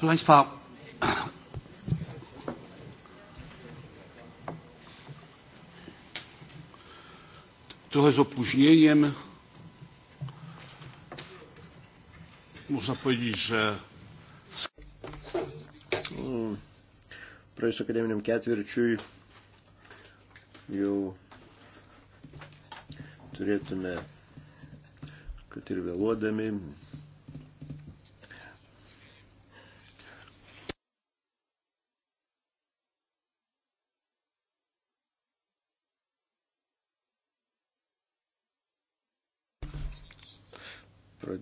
Proszę Państwa, trochę z opóźnieniem. Można powiedzieć, że mm. praėjus akademiniam ketvirčiui jau turėtume, kad ir vėluodami,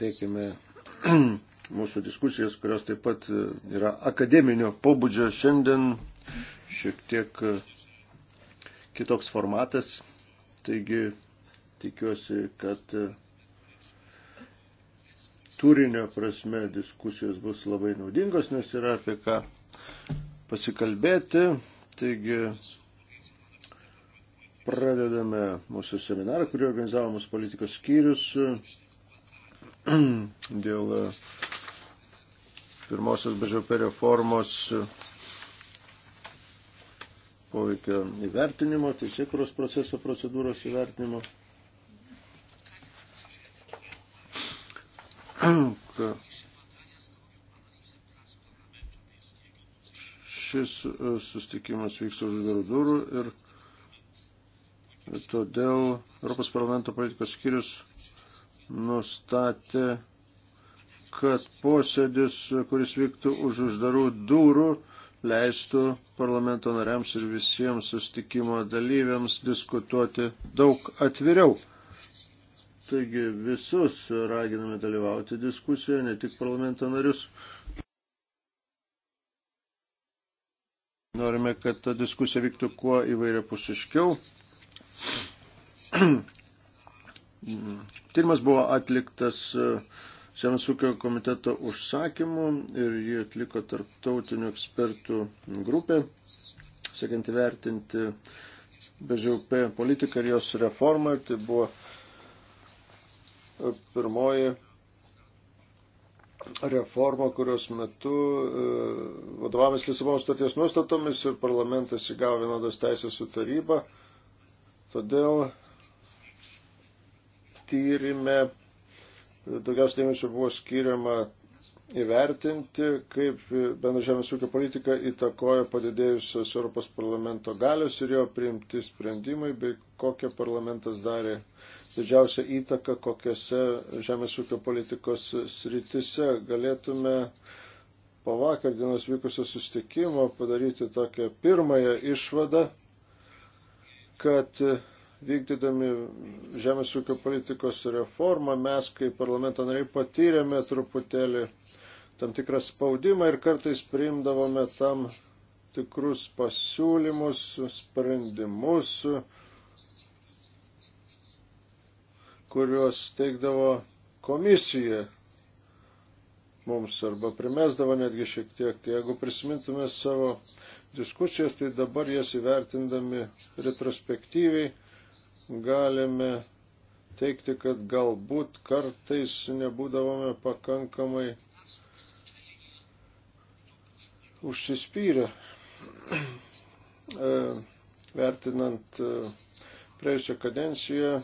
pateikėme mūsų diskusijas, kurios taip pat e, yra akademinio pobūdžio šiandien, šiek tiek e, kitoks formatas, taigi tikiuosi, kad e, turinio prasme diskusijos bus labai naudingos, nes yra apie ką pasikalbėti. Taigi pradedame mūsų seminarą, kurį organizavo mūsų politikos skyrius dėl e, pirmosios BŽP reformos e, poveikio įvertinimo, teisėkuros proceso procedūros įvertinimo. Šis e, sustikimas vyks už durų durų ir todėl Europos parlamento politikos skyrius nustatė, kad posėdis, kuris vyktų už uždarų durų, leistų parlamento nariams ir visiems sustikimo dalyviams diskutuoti daug atviriau. Taigi visus raginame dalyvauti diskusijoje, ne tik parlamento narius. Norime, kad ta diskusija vyktų kuo įvairia pusiškiau. Mhm. Tyrimas buvo atliktas e, Žemės ūkio komiteto užsakymu ir jį atliko tarptautinių ekspertų grupė, siekiant įvertinti BŽUP politiką ir jos reformą. Ir tai buvo e, pirmoji reforma, kurios metu e, vadovavęs Lisabono staties nuostatomis ir parlamentas įgavo vienodas teisės su taryba. Todėl tyrimė daugiausiai dėmesio buvo skiriama įvertinti, kaip bendra žemės ūkio politika įtakoja padidėjusios Europos parlamento galios ir jo priimti sprendimai, bei kokią parlamentas darė didžiausią įtaką, kokiose žemės ūkio politikos sritise galėtume po vakar dienos vykusio sustikimo padaryti tokią pirmąją išvadą, kad vykdydami žemės ūkio politikos reformą, mes kaip parlamento nariai patyrėme truputėlį tam tikrą spaudimą ir kartais priimdavome tam tikrus pasiūlymus, sprendimus, kuriuos teikdavo komisija mums arba primesdavo netgi šiek tiek. Jeigu prisimintume savo diskusijas, tai dabar jas įvertindami retrospektyviai galime teikti, kad galbūt kartais nebūdavome pakankamai užsispyrę, e, vertinant e, praėjusią kadenciją.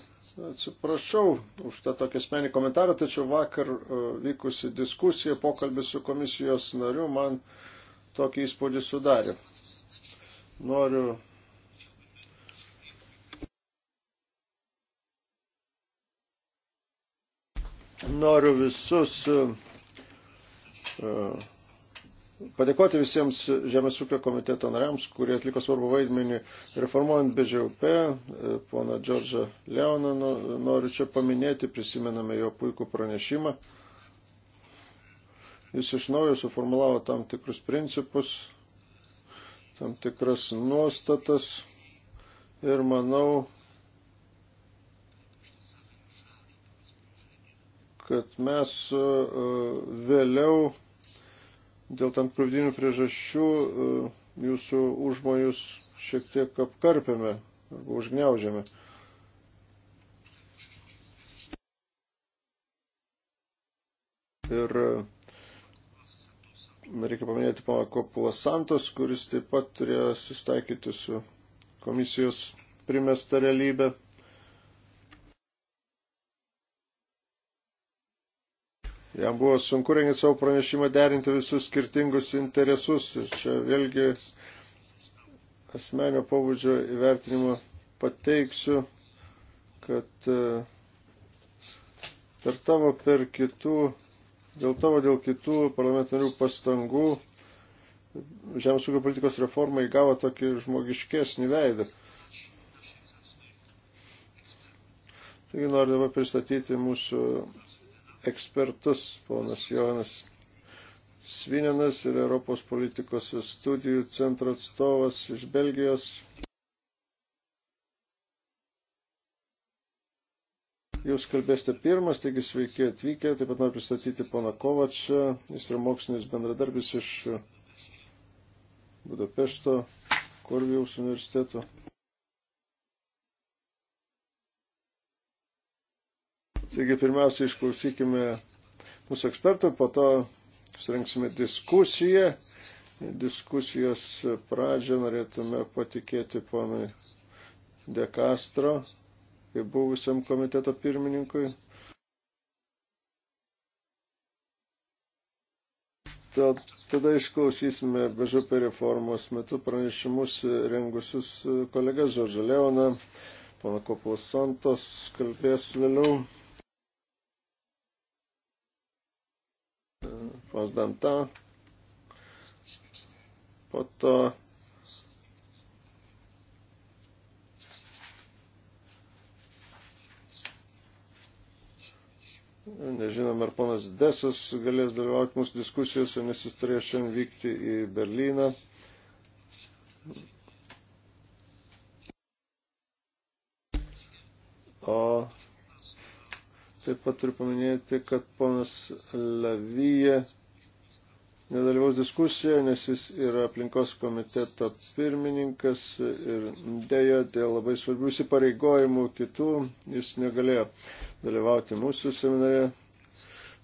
Atsiprašau už tą tokį asmenį komentarą, tačiau vakar e, vykusi diskusija, pokalbis su komisijos nariu man tokį įspūdį sudarė. Noriu Noriu visus e, e, padėkoti visiems Žemės ūkio komiteto nariams, kurie atliko svarbu vaidmenį reformuojant BŽUP. E, Pona Džordžą Leoną noriu čia paminėti, prisimename jo puikų pranešimą. Jis iš naujo suformulavo tam tikrus principus, tam tikras nuostatas ir manau, kad mes e, e, vėliau dėl tam krūvdinių priežasčių e, jūsų užmojus šiek tiek apkarpėme arba užgniaužėme. Ir reikia paminėti pana Kopulas Santos, kuris taip pat turėjo sustaikyti su komisijos primesta realybė. Jam buvo sunku renginti savo pranešimą derinti visus skirtingus interesus. Ir čia vėlgi asmenio pobūdžio įvertinimo pateiksiu, kad e, per tavo, per kitų, dėl tavo, dėl kitų parlamentarių pastangų žemės ūkio politikos reforma įgavo tokį žmogiškesnį veidą. Taigi noriu dabar pristatyti mūsų ekspertus, ponas Jonas Svininas ir Europos politikos studijų centro atstovas iš Belgijos. Jūs kalbėsite pirmas, taigi sveiki atvykę. Taip pat noriu pristatyti poną Kovačą. Jis yra mokslinis bendradarbis iš Budapešto Korvijaus universiteto. Taigi pirmiausia, išklausykime mūsų ekspertų, po to surinksime diskusiją. Diskusijos pradžią norėtume patikėti ponui De Castro, kaip buvusiam komiteto pirmininkui. Tad, tada išklausysime BŽP reformos metu pranešimus rengusius kolegas Žoržą Leoną, pana Koplas Santos kalbės vėliau. pas Danta, po to Nežinom, ar ponas Desas galės dalyvauti mūsų diskusijose, nes jis turėjo šiandien vykti į Berliną. O taip pat turiu paminėti, kad ponas Lavyje nedalyvaus diskusijoje, nes jis yra aplinkos komiteto pirmininkas ir dėja dėl labai svarbių įsipareigojimų kitų jis negalėjo dalyvauti mūsų seminare.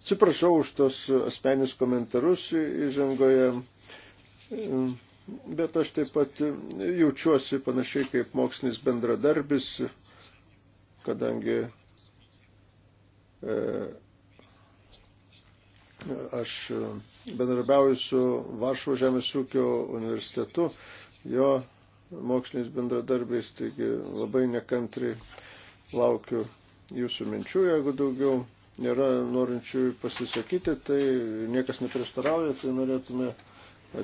Atsiprašau už tos asmenius komentarus įžangoje, bet aš taip pat jaučiuosi panašiai kaip mokslinis bendradarbis, kadangi e, Aš e, bendrabiauju su Varšuvo žemės ūkio universitetu, jo moksliniais bendradarbiais, taigi labai nekantri laukiu jūsų minčių, jeigu daugiau nėra norinčių pasisakyti, tai niekas neprieštarauja, tai norėtume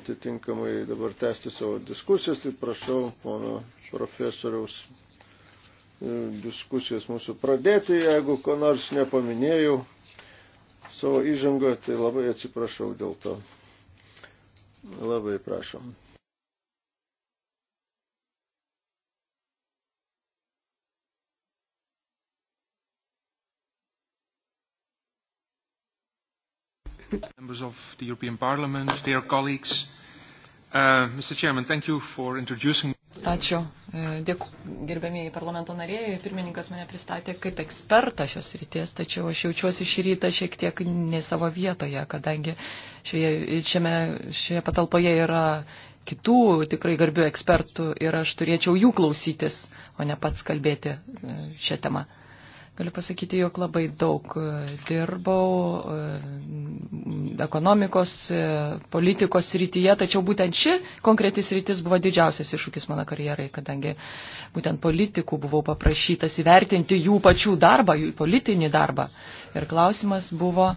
atitinkamai dabar tęsti savo diskusijas, tai prašau pono profesoriaus e, diskusijas mūsų pradėti, jeigu ko nors nepaminėjau savo įžangą, tai labai atsiprašau dėl to. Labai prašom. members of the European Parliament, dear colleagues. Uh, Mr. Chairman, thank you for introducing me. Ačiū, Dėkui, gerbėmėjai parlamento nariai, pirmininkas mane pristatė kaip ekspertą šios ryties, tačiau aš jaučiuosi šį rytą šiek tiek ne savo vietoje, kadangi šioje, šiame, šioje patalpoje yra kitų tikrai garbių ekspertų ir aš turėčiau jų klausytis, o ne pats kalbėti e, šią temą. Galiu pasakyti, jog labai daug e, dirbau e, ekonomikos, e, politikos rytyje, tačiau būtent ši konkretis rytis buvo didžiausias iššūkis mano karjerai, kadangi būtent politikų buvau paprašytas įvertinti jų pačių darbą, jų politinį darbą. Ir klausimas buvo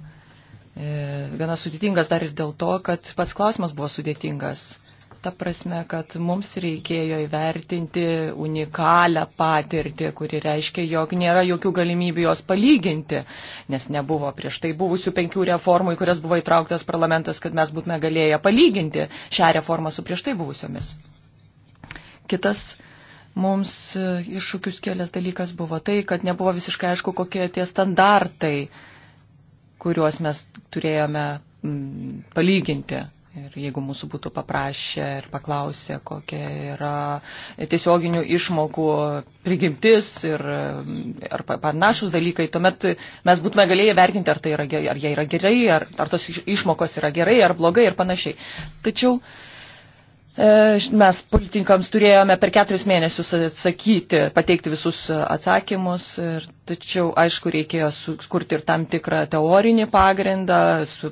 gana sudėtingas dar ir dėl to, kad pats klausimas buvo sudėtingas ta prasme, kad mums reikėjo įvertinti unikalią patirtį, kuri reiškia, jog nėra jokių galimybių jos palyginti, nes nebuvo prieš tai buvusių penkių reformų, į kurias buvo įtrauktas parlamentas, kad mes būtume galėję palyginti šią reformą su prieš tai buvusiomis. Kitas mums iššūkius kelias dalykas buvo tai, kad nebuvo visiškai aišku, kokie tie standartai, kuriuos mes turėjome mm, palyginti Ir jeigu mūsų būtų paprašę ir paklausę, kokia yra tiesioginių išmokų prigimtis ir ar panašus dalykai, tuomet mes būtume galėję vertinti, ar, tai yra, ar jie yra gerai, ar, ar tos išmokos yra gerai ar blogai ir panašiai. Tačiau uh, E, mes politikams turėjome per keturis mėnesius atsakyti, pateikti visus atsakymus, ir, tačiau aišku reikėjo sukurti ir tam tikrą teorinį pagrindą, su,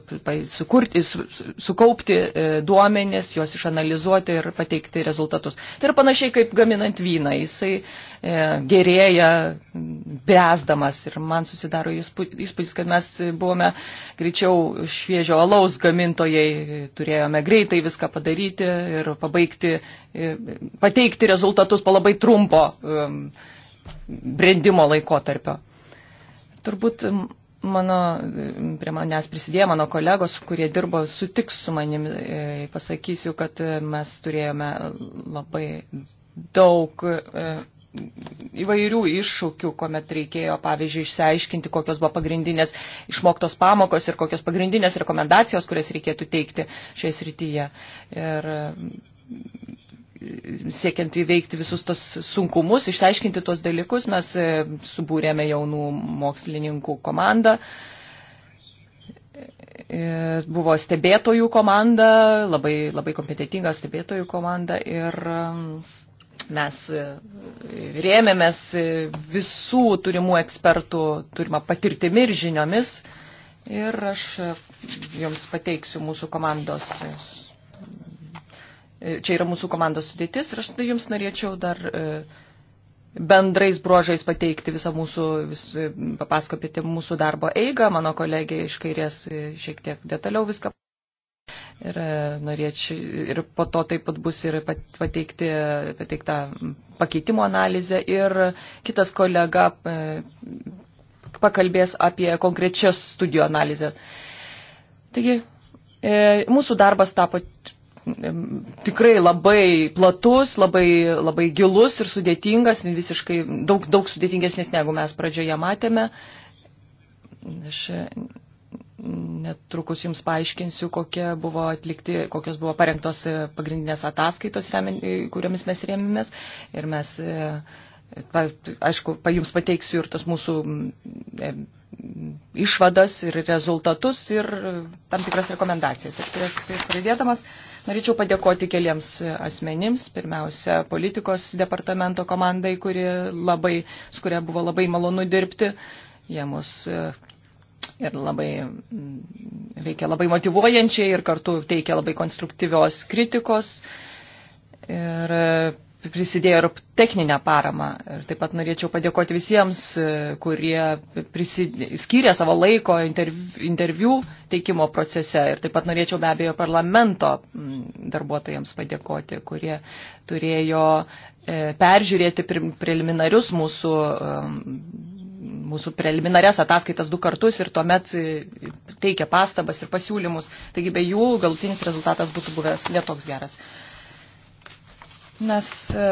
sukurti, su, sukaupti e, duomenis, juos išanalizuoti ir pateikti rezultatus. Tai yra panašiai kaip gaminant vyną, jisai e, gerėja bręsdamas ir man susidaro įspūdis, kad mes buvome greičiau šviežio alaus gamintojai, turėjome greitai viską padaryti. Ir pabaigti, e, pateikti rezultatus po labai trumpo e, brendimo laikotarpio. Turbūt mano, prie manęs prisidėjo mano kolegos, kurie dirbo sutiks su manimi, e, pasakysiu, kad mes turėjome labai daug įvairių iššūkių, kuomet reikėjo, pavyzdžiui, išsiaiškinti, kokios buvo pagrindinės išmoktos pamokos ir kokios pagrindinės rekomendacijos, kurias reikėtų teikti šioje srityje. Ir mm, siekiant įveikti visus tos sunkumus, išsiaiškinti tuos dalykus, mes e, subūrėme jaunų mokslininkų komandą e, buvo stebėtojų komanda, labai, labai kompetitinga stebėtojų komanda ir mm, Mes e, rėmėmės e, visų turimų ekspertų turimą patirtimi ir žiniomis ir aš e, jums pateiksiu mūsų komandos. Čia yra mūsų komandos sudėtis ir aš tai jums norėčiau dar bendrais bruožais pateikti visą mūsų, vis, papasakoti mūsų darbo eigą. Mano kolegė iš kairės šiek tiek detaliau viską Ir, e, norėčiau, ir po to taip pat bus ir pateikti, pateikta pakeitimo analizė. Ir kitas kolega e, pakalbės apie konkrečias studijų analizę. Taigi, e, mūsų darbas tapo tikrai labai platus, labai, labai gilus ir sudėtingas, visiškai daug, daug sudėtingesnis negu mes pradžioje matėme. Aš Netrukus Jums paaiškinsiu, kokie buvo atlikti, kokios buvo parengtos e, pagrindinės ataskaitos, e, kuriomis mes rėmėmės. Ir mes, e, aišku, Jums pateiksiu ir tas mūsų išvadas ir rezultatus ir tam tikras rekomendacijas. Ir prieš, prieš pradėdamas norėčiau padėkoti keliems asmenims. Pirmiausia, politikos departamento komandai, kuri labai, su kuria buvo labai malonu dirbti. Jie mus ir labai mm, veikia labai motivuojančiai ir kartu teikia labai konstruktyvios kritikos ir prisidėjo ir techninę paramą. Ir taip pat norėčiau padėkoti visiems, kurie prisidė, skyrė savo laiko interviu, interviu teikimo procese. Ir taip pat norėčiau be abejo parlamento mm, darbuotojams padėkoti, kurie turėjo e, peržiūrėti preliminarius mūsų e, mūsų preliminarias ataskaitas du kartus ir tuomet e, teikia pastabas ir pasiūlymus. Taigi be jų galutinis rezultatas būtų buvęs netoks geras. Mes e,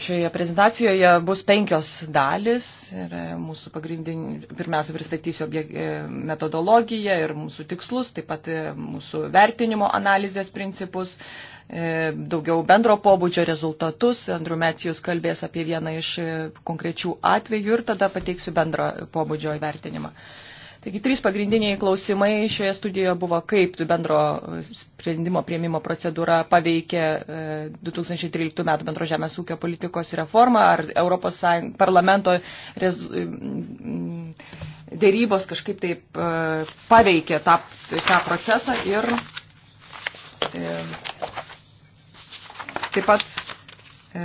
šioje prezentacijoje bus penkios dalis ir e, mūsų pagrindinį, pirmiausia, pristatysiu metodologiją ir mūsų tikslus, taip pat mūsų vertinimo analizės principus, E, daugiau bendro pobūdžio rezultatus. Andrew Matthews kalbės apie vieną iš e, konkrečių atvejų ir tada pateiksiu bendro pobūdžio įvertinimą. Taigi trys pagrindiniai klausimai šioje studijoje buvo, kaip bendro sprendimo prieimimo procedūra paveikė 2013 e, metų bendro žemės ūkio politikos reformą, ar Europos Sąjung, parlamento rez, dėrybos kažkaip taip paveikė tą, tą procesą ir Taip pat e,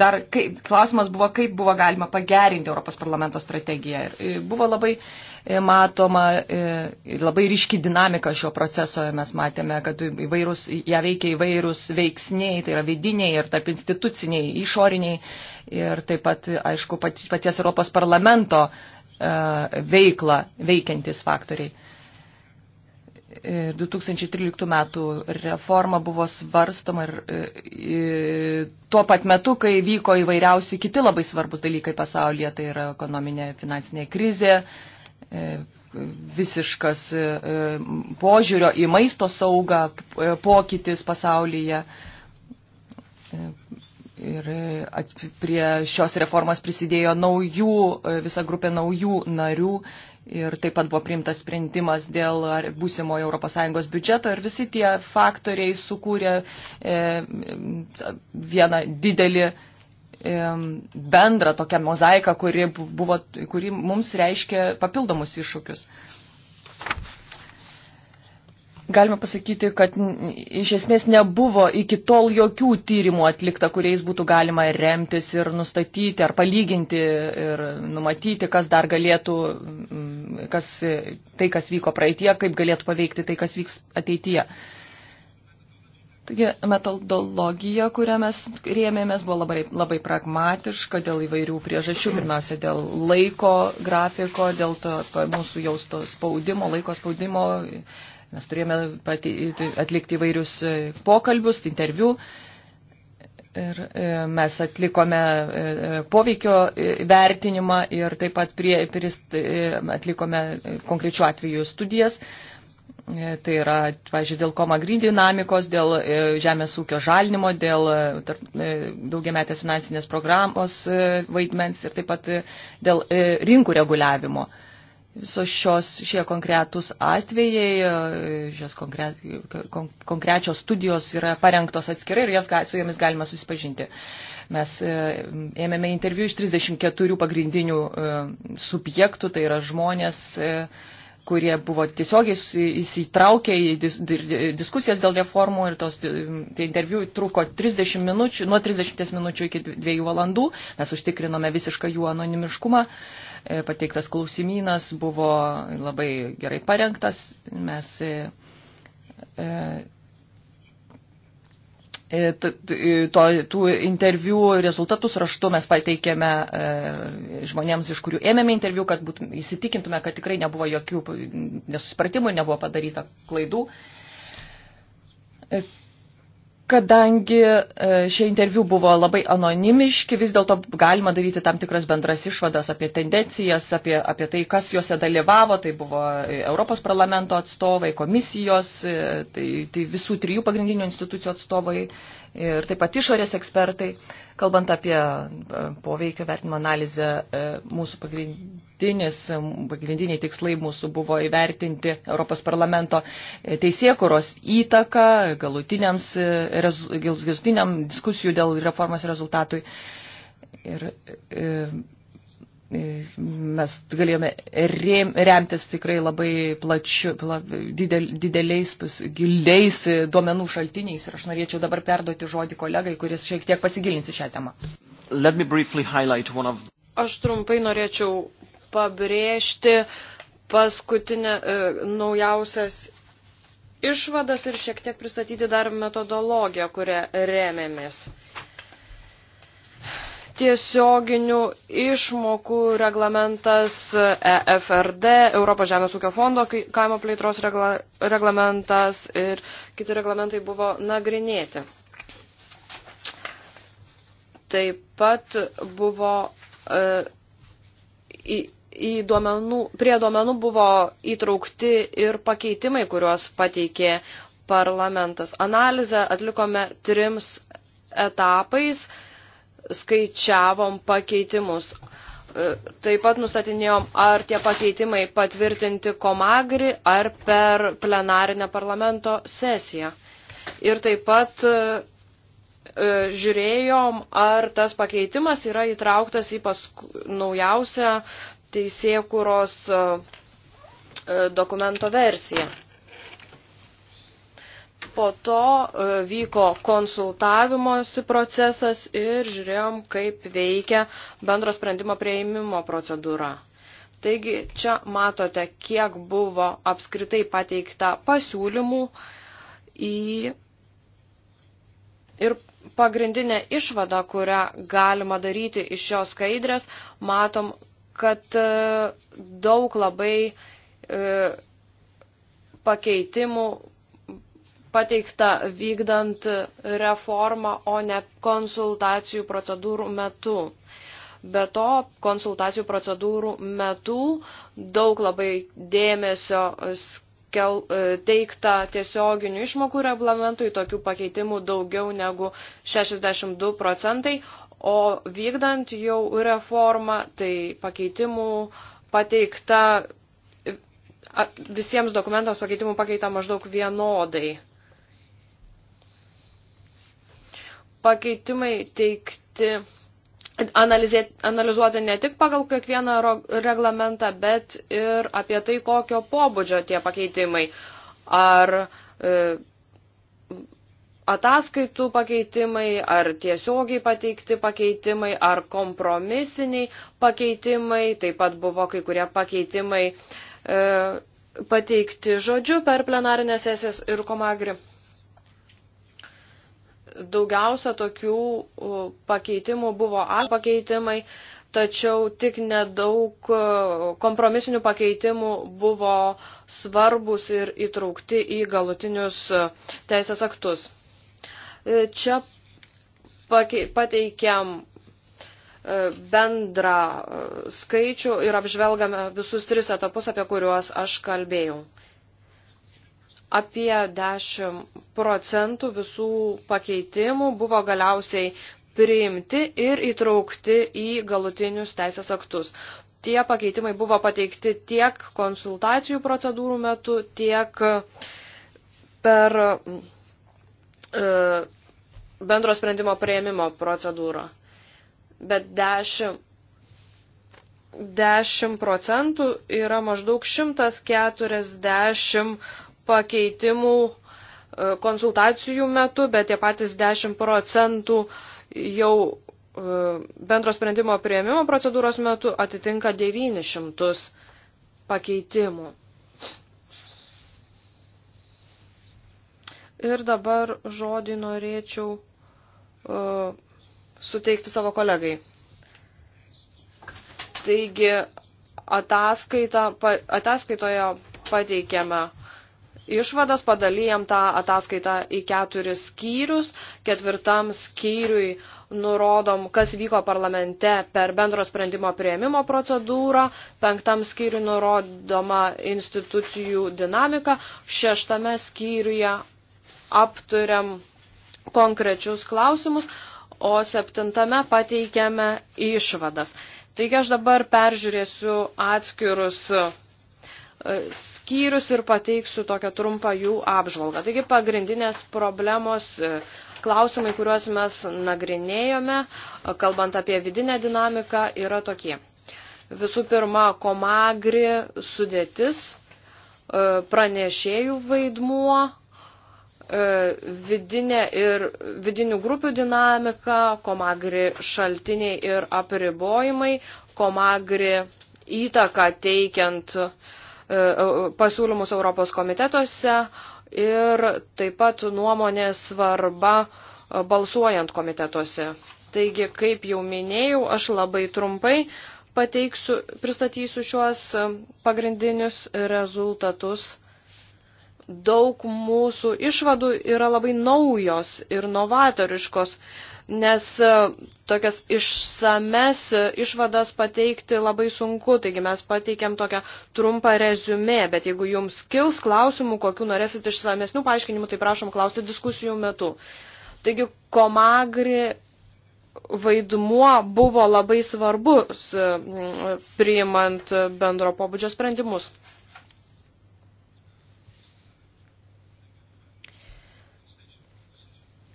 dar kaip, klausimas buvo, kaip buvo galima pagerinti Europos parlamento strategiją. Ir e, buvo labai e, matoma e, ir labai ryški dinamika šio proceso. Mes matėme, kad įvairūs, ją veikia įvairūs veiksniai, tai yra vidiniai ir tarp instituciniai, išoriniai. Ir taip pat, aišku, paties Europos parlamento veiklą veikiantis faktoriai. 2013 e, metų reforma buvo svarstoma ir, ir e, tuo pat metu, kai vyko įvairiausi kiti labai svarbus dalykai pasaulyje, tai yra ekonominė finansinė krizė, e, visiškas požiūrio į maisto saugą pokytis pasaulyje. Ir prie šios reformos prisidėjo naujų, visa grupė naujų narių ir taip pat buvo priimtas sprendimas dėl būsimojo ES biudžeto ir visi tie faktoriai sukūrė e, vieną didelį e, bendrą tokią mozaiką, kuri, buvo, kuri mums reiškia papildomus iššūkius galima pasakyti, kad iš esmės nebuvo iki tol jokių tyrimų atlikta, kuriais būtų galima remtis ir nustatyti ar palyginti ir numatyti, kas dar galėtų, kas, tai kas vyko praeitie, kaip galėtų paveikti tai, kas vyks ateityje. Taigi metodologija, kurią mes rėmėmės, buvo labai, labai pragmatiška dėl įvairių priežasčių. Pirmiausia, dėl laiko grafiko, dėl to, mūsų jausto spaudimo, laiko spaudimo, Mes turėjome pati, atlikti įvairius e, pokalbius, interviu. Ir e, mes atlikome e, poveikio vertinimą ir taip pat prie, prist, atlikome konkrečių atvejų studijas. Tai yra, pažiūrėjau, dėl komagrin dinamikos, dėl žemės ūkio žalinimo, dėl daugiametės finansinės programos vaidmens ir taip pat dėl rinkų reguliavimo visos šios, šie konkretūs atvejai, e, šios konkre, kon, konkrečios studijos yra parengtos atskirai ir jas, su jomis galima susipažinti. Mes e, ėmėme interviu iš 34 pagrindinių e, subjektų, tai yra žmonės, kurie buvo tiesiogiai įsitraukę į dis, diskusijas dėl reformų ir tos tai interviu truko 30 minučių, nuo 30 minučių iki 2 valandų. Mes užtikrinome visišką jų anonimiškumą. E, pateiktas klausimynas buvo labai gerai parengtas. Mes e, e, E, to, tų interviu rezultatus raštu mes pateikėme e, žmonėms, iš kurių ėmėme interviu, kad būt, įsitikintume, kad tikrai nebuvo jokių nesusipratimų, nebuvo padaryta klaidų. E, Kadangi e, šie interviu buvo labai anonimiški, vis dėlto galima daryti tam tikras bendras išvadas apie tendencijas, apie, apie tai, kas juose dalyvavo, tai buvo Europos parlamento atstovai, komisijos, e, tai, tai visų trijų pagrindinių institucijų atstovai ir taip pat išorės ekspertai. Kalbant apie e, poveikio vertinimo analizę, e, mūsų pagrindiniai tikslai mūsų buvo įvertinti Europos parlamento e, teisėkuros įtaką galutiniam diskusijų dėl reformos rezultatui. Ir, ir mes galėjome remtis tikrai labai plačiu, pla, didel, dideliais, giliais duomenų šaltiniais ir aš norėčiau dabar perduoti žodį kolegai, kuris šiek tiek pasigilins į šią temą. Of... Aš trumpai norėčiau pabrėžti paskutinę e, naujausias išvadas ir šiek tiek pristatyti dar metodologiją, kurią remėmės. E, tiesioginių išmokų reglamentas EFRD, Europos žemės ūkio fondo kaimo plėtros regla, reglamentas ir kiti reglamentai buvo nagrinėti. Taip pat buvo e, į, į duomenų, prie duomenų buvo įtraukti ir pakeitimai, kuriuos pateikė parlamentas. Analizę atlikome trims etapais. E, skaičiavom pakeitimus. E, taip pat nustatinėjom, ar tie pakeitimai patvirtinti komagri ar per plenarinę parlamento sesiją. Ir taip pat e, e, žiūrėjom, ar tas pakeitimas yra įtrauktas į pask... naujausią teisėkuros dokumento versiją. Po to e, vyko konsultavimosi procesas ir žiūrėjom, kaip veikia bendro sprendimo prieimimo procedūra. Taigi čia matote, kiek buvo apskritai pateikta pasiūlymų į ir pagrindinė išvada, kurią galima daryti iš šios skaidrės, matom, kad e, daug labai e, pakeitimų pateikta vykdant reformą, o ne konsultacijų procedūrų metu. Be to, konsultacijų procedūrų metu daug labai dėmesio skel, e, teikta tiesioginių išmokų reglamentui, tokių pakeitimų daugiau negu 62 procentai, o vykdant jau reformą, tai pakeitimų pateikta, e, visiems dokumentams pakeitimų pakeita maždaug vienodai. pakeitimai teikti, analizuoti ne tik pagal kiekvieną reglamentą, bet ir apie tai, kokio pobūdžio tie pakeitimai. Ar e, ataskaitų pakeitimai, ar tiesiogiai pateikti pakeitimai, ar kompromisiniai pakeitimai. Taip pat buvo kai kurie pakeitimai e, pateikti žodžiu per plenarinę sesiją ir komagri daugiausia tokių pakeitimų buvo A pakeitimai, tačiau tik nedaug kompromisinių pakeitimų buvo svarbus ir įtraukti į galutinius teisės aktus. E, čia pateikiam e, bendrą e, skaičių ir apžvelgame visus tris etapus, apie kuriuos aš kalbėjau. Apie 10 procentų visų pakeitimų buvo galiausiai priimti ir įtraukti į galutinius teisės aktus. Tie pakeitimai buvo pateikti tiek konsultacijų procedūrų metu, tiek per e, bendro sprendimo prieimimo procedūrą. Bet 10, 10 procentų yra maždaug 140 pakeitimų e, konsultacijų metu, bet tie patys 10 procentų jau e, bendro sprendimo prieimimo procedūros metu atitinka 900 pakeitimų. Ir dabar žodį norėčiau uh, suteikti savo kolegai. Taigi, ataskaita, pa, ataskaitoje pateikėme išvadas, padalyjam tą ataskaitą į keturis skyrius, ketvirtam skyriui nurodom, kas vyko parlamente per bendro sprendimo prieimimo procedūrą, penktam skyriui nurodoma institucijų dinamika, šeštame skyriuje aptariam konkrečius klausimus, o septintame pateikiame išvadas. Taigi aš dabar peržiūrėsiu atskirus E, skyrius ir pateiksiu tokią trumpą jų apžvalgą. Taigi pagrindinės problemos, e, klausimai, kuriuos mes nagrinėjome, e, kalbant apie vidinę dinamiką, yra tokie. Visų pirma, komagri sudėtis, pranešėjų vaidmuo, vidinė ir vidinių grupių dinamika, komagri šaltiniai ir apribojimai, komagri įtaka teikiant uh, E, e, pasiūlymus Europos komitetuose ir taip pat nuomonės svarba e, balsuojant komitetuose. Taigi, kaip jau minėjau, aš labai trumpai pateiksiu, pristatysiu šiuos pagrindinius rezultatus. Daug mūsų išvadų yra labai naujos ir novatoriškos nes e, tokias išsames e, išvadas pateikti labai sunku, taigi mes pateikėm tokią trumpą rezumė, bet jeigu jums kils klausimų, kokiu norėsit išsamesnių paaiškinimų, tai prašom klausti diskusijų metu. Taigi komagri vaidmuo buvo labai svarbus e, priimant bendro pobūdžio sprendimus.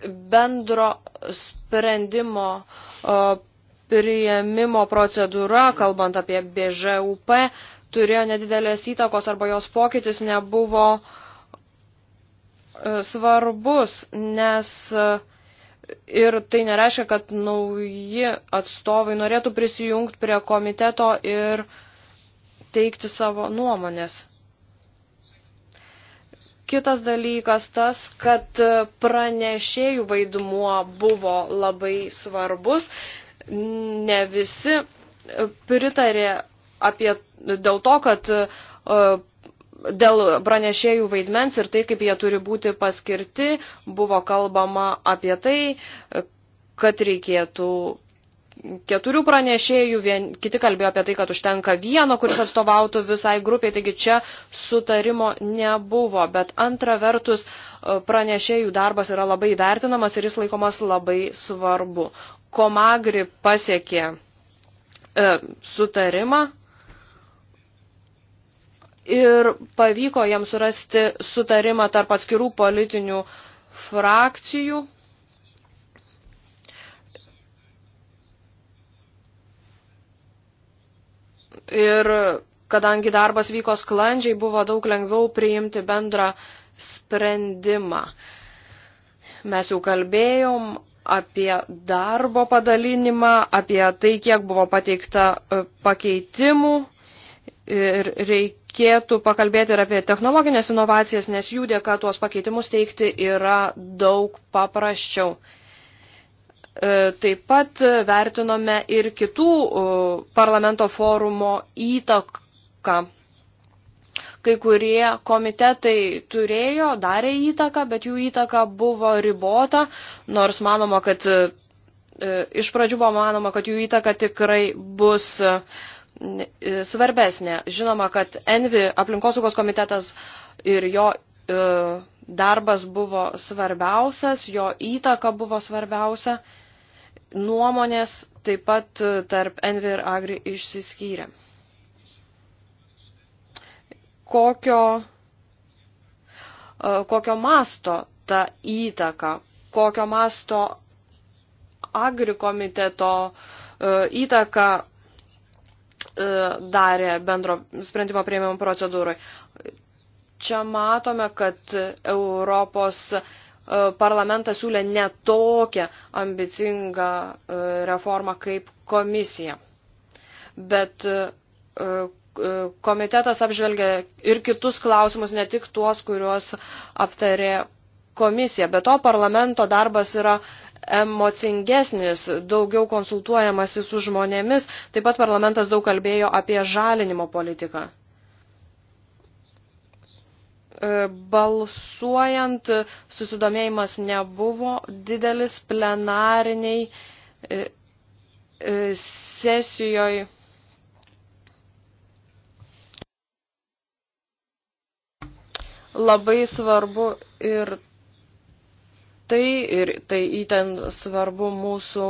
bendro sprendimo e, priėmimo procedūra, kalbant apie BŽUP, turėjo nedidelės įtakos arba jos pokytis nebuvo e, svarbus, nes e, ir tai nereiškia, kad nauji atstovai norėtų prisijungti prie komiteto ir teikti savo nuomonės. Kitas dalykas tas, kad pranešėjų vaidmuo buvo labai svarbus. Ne visi pritarė apie, dėl to, kad e, dėl pranešėjų vaidmens ir tai, kaip jie turi būti paskirti, buvo kalbama apie tai, kad reikėtų keturių pranešėjų, vien, kiti kalbėjo apie tai, kad užtenka vieno, kuris atstovautų visai grupiai, taigi čia sutarimo nebuvo, bet antra vertus e, pranešėjų darbas yra labai vertinamas ir jis laikomas labai svarbu. Komagri pasiekė e, sutarimą. Ir pavyko jam surasti sutarimą tarp atskirų politinių frakcijų, ir kadangi darbas vyko sklandžiai, buvo daug lengviau priimti bendrą sprendimą. Mes jau kalbėjom apie darbo padalinimą, apie tai, kiek buvo pateikta e, pakeitimų ir reikėtų pakalbėti ir apie technologinės inovacijas, nes jų dėka tuos pakeitimus teikti yra daug paprasčiau. E, taip pat vertinome ir kitų e, parlamento forumo įtaką. Kai kurie komitetai turėjo, darė įtaką, bet jų įtaka buvo ribota, nors manoma, kad e, iš pradžių buvo manoma, kad jų įtaka tikrai bus svarbesnė. Žinoma, kad Envi aplinkosaugos komitetas ir jo darbas buvo svarbiausias, jo įtaka buvo svarbiausia nuomonės taip pat e, tarp Envi ir Agri išsiskyrė. Kokio, e, kokio masto ta įtaka, kokio masto Agri komiteto e, įtaka darė bendro sprendimo prieimimo procedūrai. Čia matome, kad Europos E, parlamentas siūlė ne tokią ambicingą e, reformą kaip komisija. Bet e, komitetas apžvelgia ir kitus klausimus, ne tik tuos, kuriuos aptarė komisija. Be to parlamento darbas yra emocingesnis, daugiau konsultuojamasi su žmonėmis. Taip pat parlamentas daug kalbėjo apie žalinimo politiką. E, balsuojant susidomėjimas nebuvo didelis plenariniai e, e, sesijoj. Labai svarbu ir tai, ir tai įten svarbu mūsų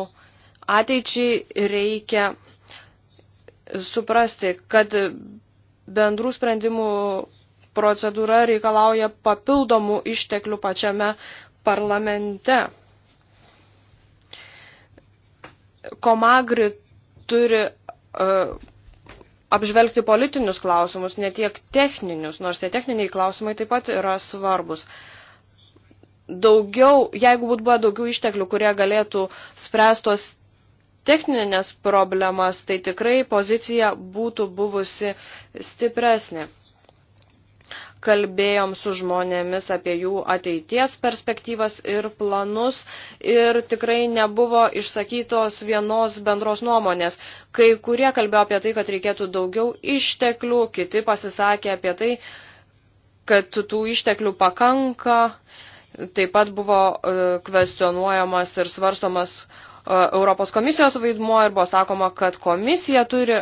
ateičiai reikia suprasti, kad bendrų sprendimų procedūra reikalauja papildomų išteklių pačiame parlamente. Komagri turi uh, apžvelgti politinius klausimus, ne tiek techninius, nors tie techniniai klausimai taip pat yra svarbus. Daugiau, jeigu būtų buvę daugiau išteklių, kurie galėtų spręstos techninės problemas, tai tikrai pozicija būtų buvusi stipresnė kalbėjom su žmonėmis apie jų ateities perspektyvas ir planus ir tikrai nebuvo išsakytos vienos bendros nuomonės. Kai kurie kalbėjo apie tai, kad reikėtų daugiau išteklių, kiti pasisakė apie tai, kad tų išteklių pakanka. Taip pat buvo e, kvestionuojamas ir svarstomas e, Europos komisijos vaidmuo ir buvo sakoma, kad komisija turi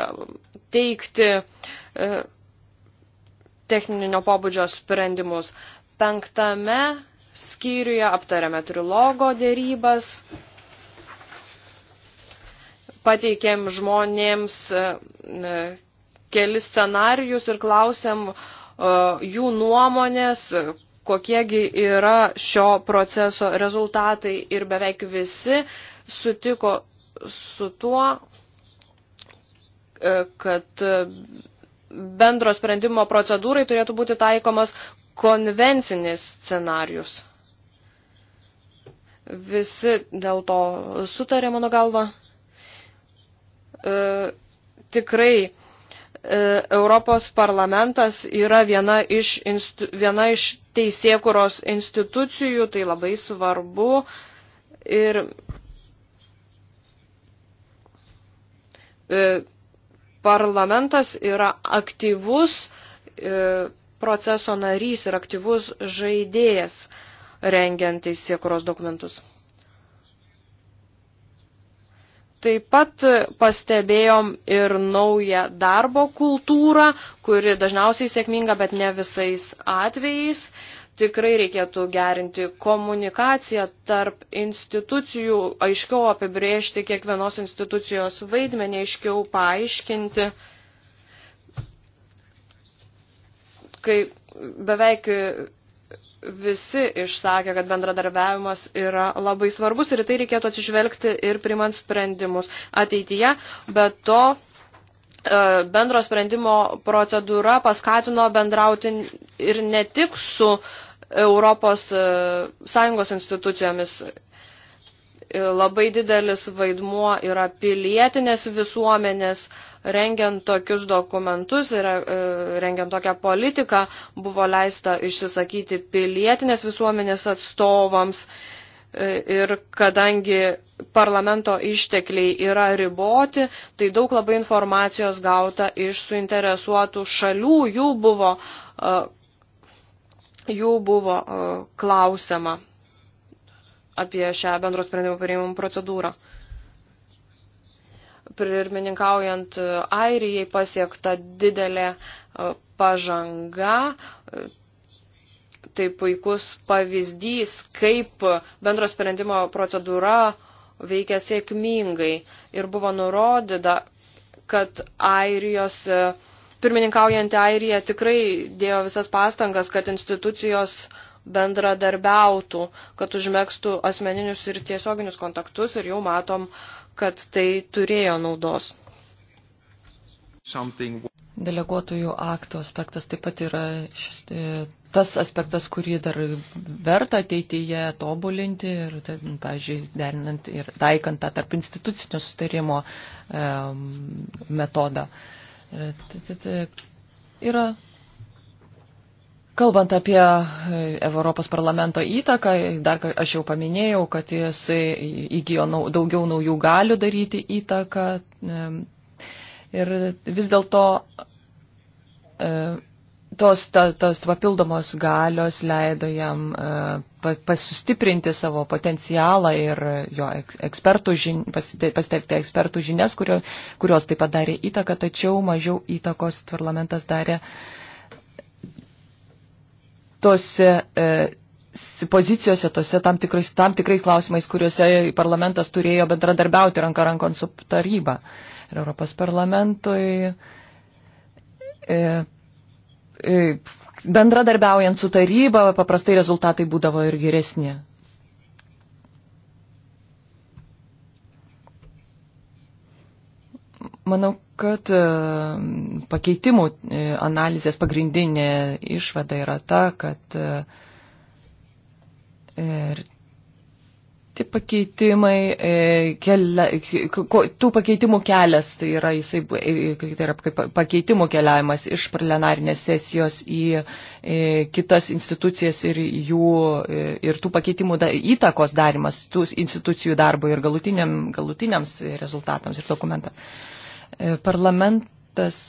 teikti e, techninio pobūdžio sprendimus. Penktame skyriuje aptarėme trilogo dėrybas, pateikėm žmonėms e, e, kelis scenarius ir klausėm e, jų nuomonės, kokiegi yra šio proceso rezultatai ir beveik visi sutiko su tuo, kad bendro sprendimo procedūrai turėtų būti taikomas konvencinis scenarius. Visi dėl to sutarė, mano galva. E, tikrai e, Europos parlamentas yra viena iš, instu, viena iš teisėkuros institucijų, tai labai svarbu. Ir e, parlamentas yra aktyvus e, proceso narys ir aktyvus žaidėjas rengiant teisėkuros dokumentus. Taip pat pastebėjom ir naują darbo kultūrą, kuri dažniausiai sėkminga, bet ne visais atvejais. E, Tikrai reikėtų gerinti komunikaciją tarp institucijų, aiškiau apibrėžti kiekvienos institucijos vaidmenį, aiškiau paaiškinti, kai beveik visi išsakė, kad bendradarbiavimas yra labai svarbus ir tai reikėtų atsižvelgti ir primant sprendimus ateityje, bet to e, bendro sprendimo procedūra paskatino bendrauti ir ne tik su Europos e, Sąjungos institucijomis e, labai didelis vaidmuo yra pilietinės visuomenės, rengiant tokius dokumentus ir e, rengiant tokią politiką buvo leista išsisakyti pilietinės visuomenės atstovams ir kadangi parlamento ištekliai yra riboti, tai daug labai informacijos gauta iš suinteresuotų šalių, jų buvo jų buvo e, klausiama apie šią bendros sprendimų pareimimų procedūrą. Pirmininkaujant e, Airijai pasiekta didelė e, pažanga, tai puikus pavyzdys, kaip bendro sprendimo procedūra veikia sėkmingai ir buvo nurodyta, kad Airijos uh, Pirmininkaujantį Airiją tikrai dėjo visas pastangas, kad institucijos bendradarbiautų, kad užmėgstų asmeninius ir tiesioginius kontaktus ir jau matom, kad tai turėjo naudos. Something... Deleguotojų akto aspektas taip pat yra šis, e, tas aspektas, kurį dar verta ateityje tobulinti ir, pavyzdžiui, derinant ir taikant tą tarp institucinio sutarimo um, metodą. Uh, Yra, kalbant apie e, Europos parlamento įtaką, dar aš jau paminėjau, kad jis įgyjo daugiau naujų galių daryti įtaką. E, ir vis dėlto e, tos, ta, tos papildomos galios leido jam e, pasustiprinti savo potencialą ir jo ekspertų žin, pasitelkti ekspertų žinias, kurio, kurios taip pat darė įtaką, tačiau mažiau įtakos parlamentas darė tose e, pozicijose, tose tam tikrais, tam tikrais klausimais, kuriuose parlamentas turėjo bendradarbiauti ranką rankon su taryba. Ir Europos parlamentui e, E, bendradarbiaujant su taryba, paprastai rezultatai būdavo ir geresni. Manau, kad e, pakeitimų e, analizės pagrindinė išvada yra ta, kad ir Tie pakeitimai, e, kelia, tų pakeitimų kelias, tai yra, jisai, e, tai yra pakeitimų keliavimas iš plenarinės sesijos į e, kitas institucijas ir, jų, ir tų pakeitimų da, įtakos darimas tų institucijų darbo ir galutiniam, galutiniams rezultatams ir dokumentams. Parlamentas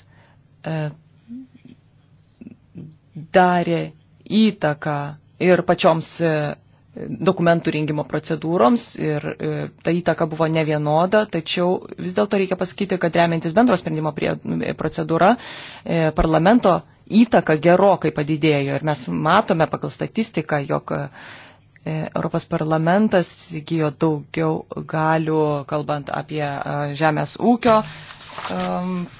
darė įtaką ir pačioms dokumentų rengimo procedūroms ir e, ta įtaka buvo nevienoda, tačiau vis dėlto reikia pasakyti, kad remiantis bendro sprendimo prie, e, procedūra e, parlamento įtaka gerokai padidėjo ir mes matome pagal statistiką, jog Europos parlamentas įgyjo daugiau galių, kalbant apie žemės ūkio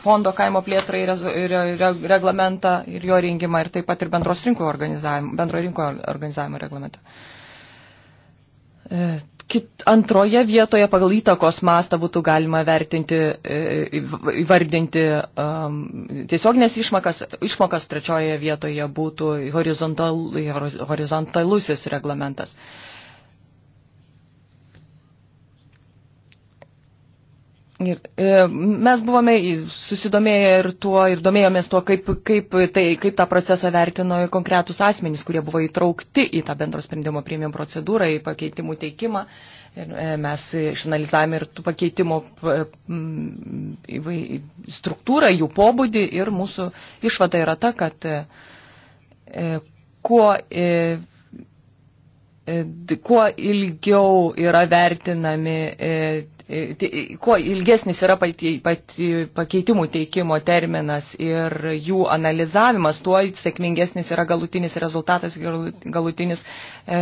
fondo kaimo plėtrą ir reglamentą ir jo rengimą ir taip pat ir bendros rinkų organizavimo, bendro rinko organizavimo reglamentą. E, kit, antroje vietoje pagal įtakos mastą būtų galima vertinti, e, įvardinti um, tiesioginės išmokas, išmokas trečioje vietoje būtų horizontal, horizontalusis reglamentas. Uh, Ir e, mes buvome susidomėję ir tuo, ir domėjomės tuo, kaip, kaip, tai, kaip tą procesą vertino ir konkretus asmenys, kurie buvo įtraukti į tą bendro sprendimo prieimimo procedūrą, į pakeitimų teikimą. Ir e, mes išanalizavome ir tų pakeitimų e, struktūrą, jų pobūdį ir mūsų išvada yra ta, kad e, e kuo. E, e kuo ilgiau yra vertinami e, E, tai, kuo ilgesnis yra pati, pati, pakeitimų teikimo terminas ir jų analizavimas, tuo sėkmingesnis yra galutinis rezultatas, galutinis e,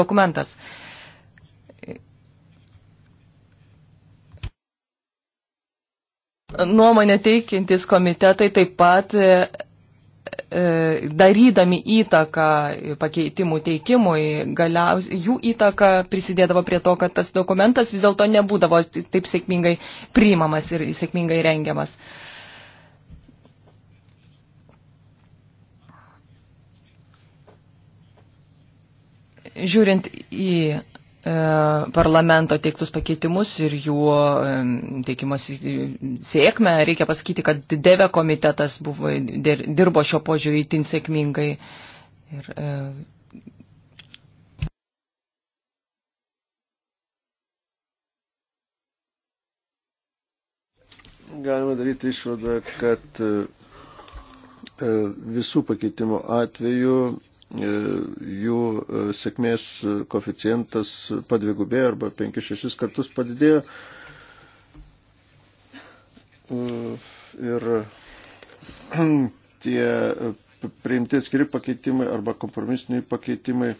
dokumentas. Nuomonė teikintis komitetai taip pat e, E, darydami įtaką pakeitimų teikimui, galiausiai jų įtaka prisidėdavo prie to, kad tas dokumentas vis dėlto nebūdavo taip sėkmingai priimamas ir sėkmingai rengiamas. Žiūrint į E, parlamento teiktus pakeitimus ir jų e, teikimas sėkmę. Reikia pasakyti, kad Deve komitetas buvo, dirbo šio požiūrį įtin sėkmingai. Ir, e, Galima daryti išvadą, kad visų pakeitimo atveju E, jų e, sėkmės koficijantas padvigubėjo arba 5-6 kartus padidėjo. E, ir tie priimti skiri pakeitimai arba kompromisiniai pakeitimai,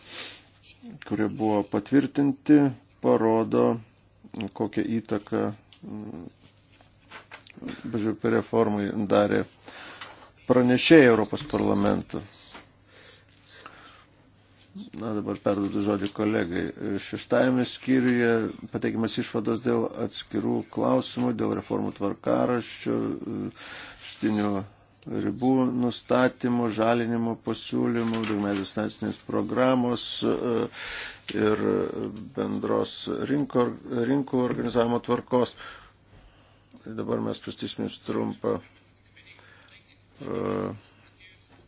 kurie buvo patvirtinti, parodo, kokią įtaką mm, BŽP reformai darė pranešėjai Europos parlamento. Na, dabar perduodu žodį kolegai. Šeštajame skyriuje pateikimas išvados dėl atskirų klausimų, dėl reformų tvarkaraščių, štinių ribų nustatymų, žalinimo pasiūlymų, daugmetės finansinės programos e, ir bendros rinko, rinkų organizavimo tvarkos. Tai dabar mes pristatysime trumpą e,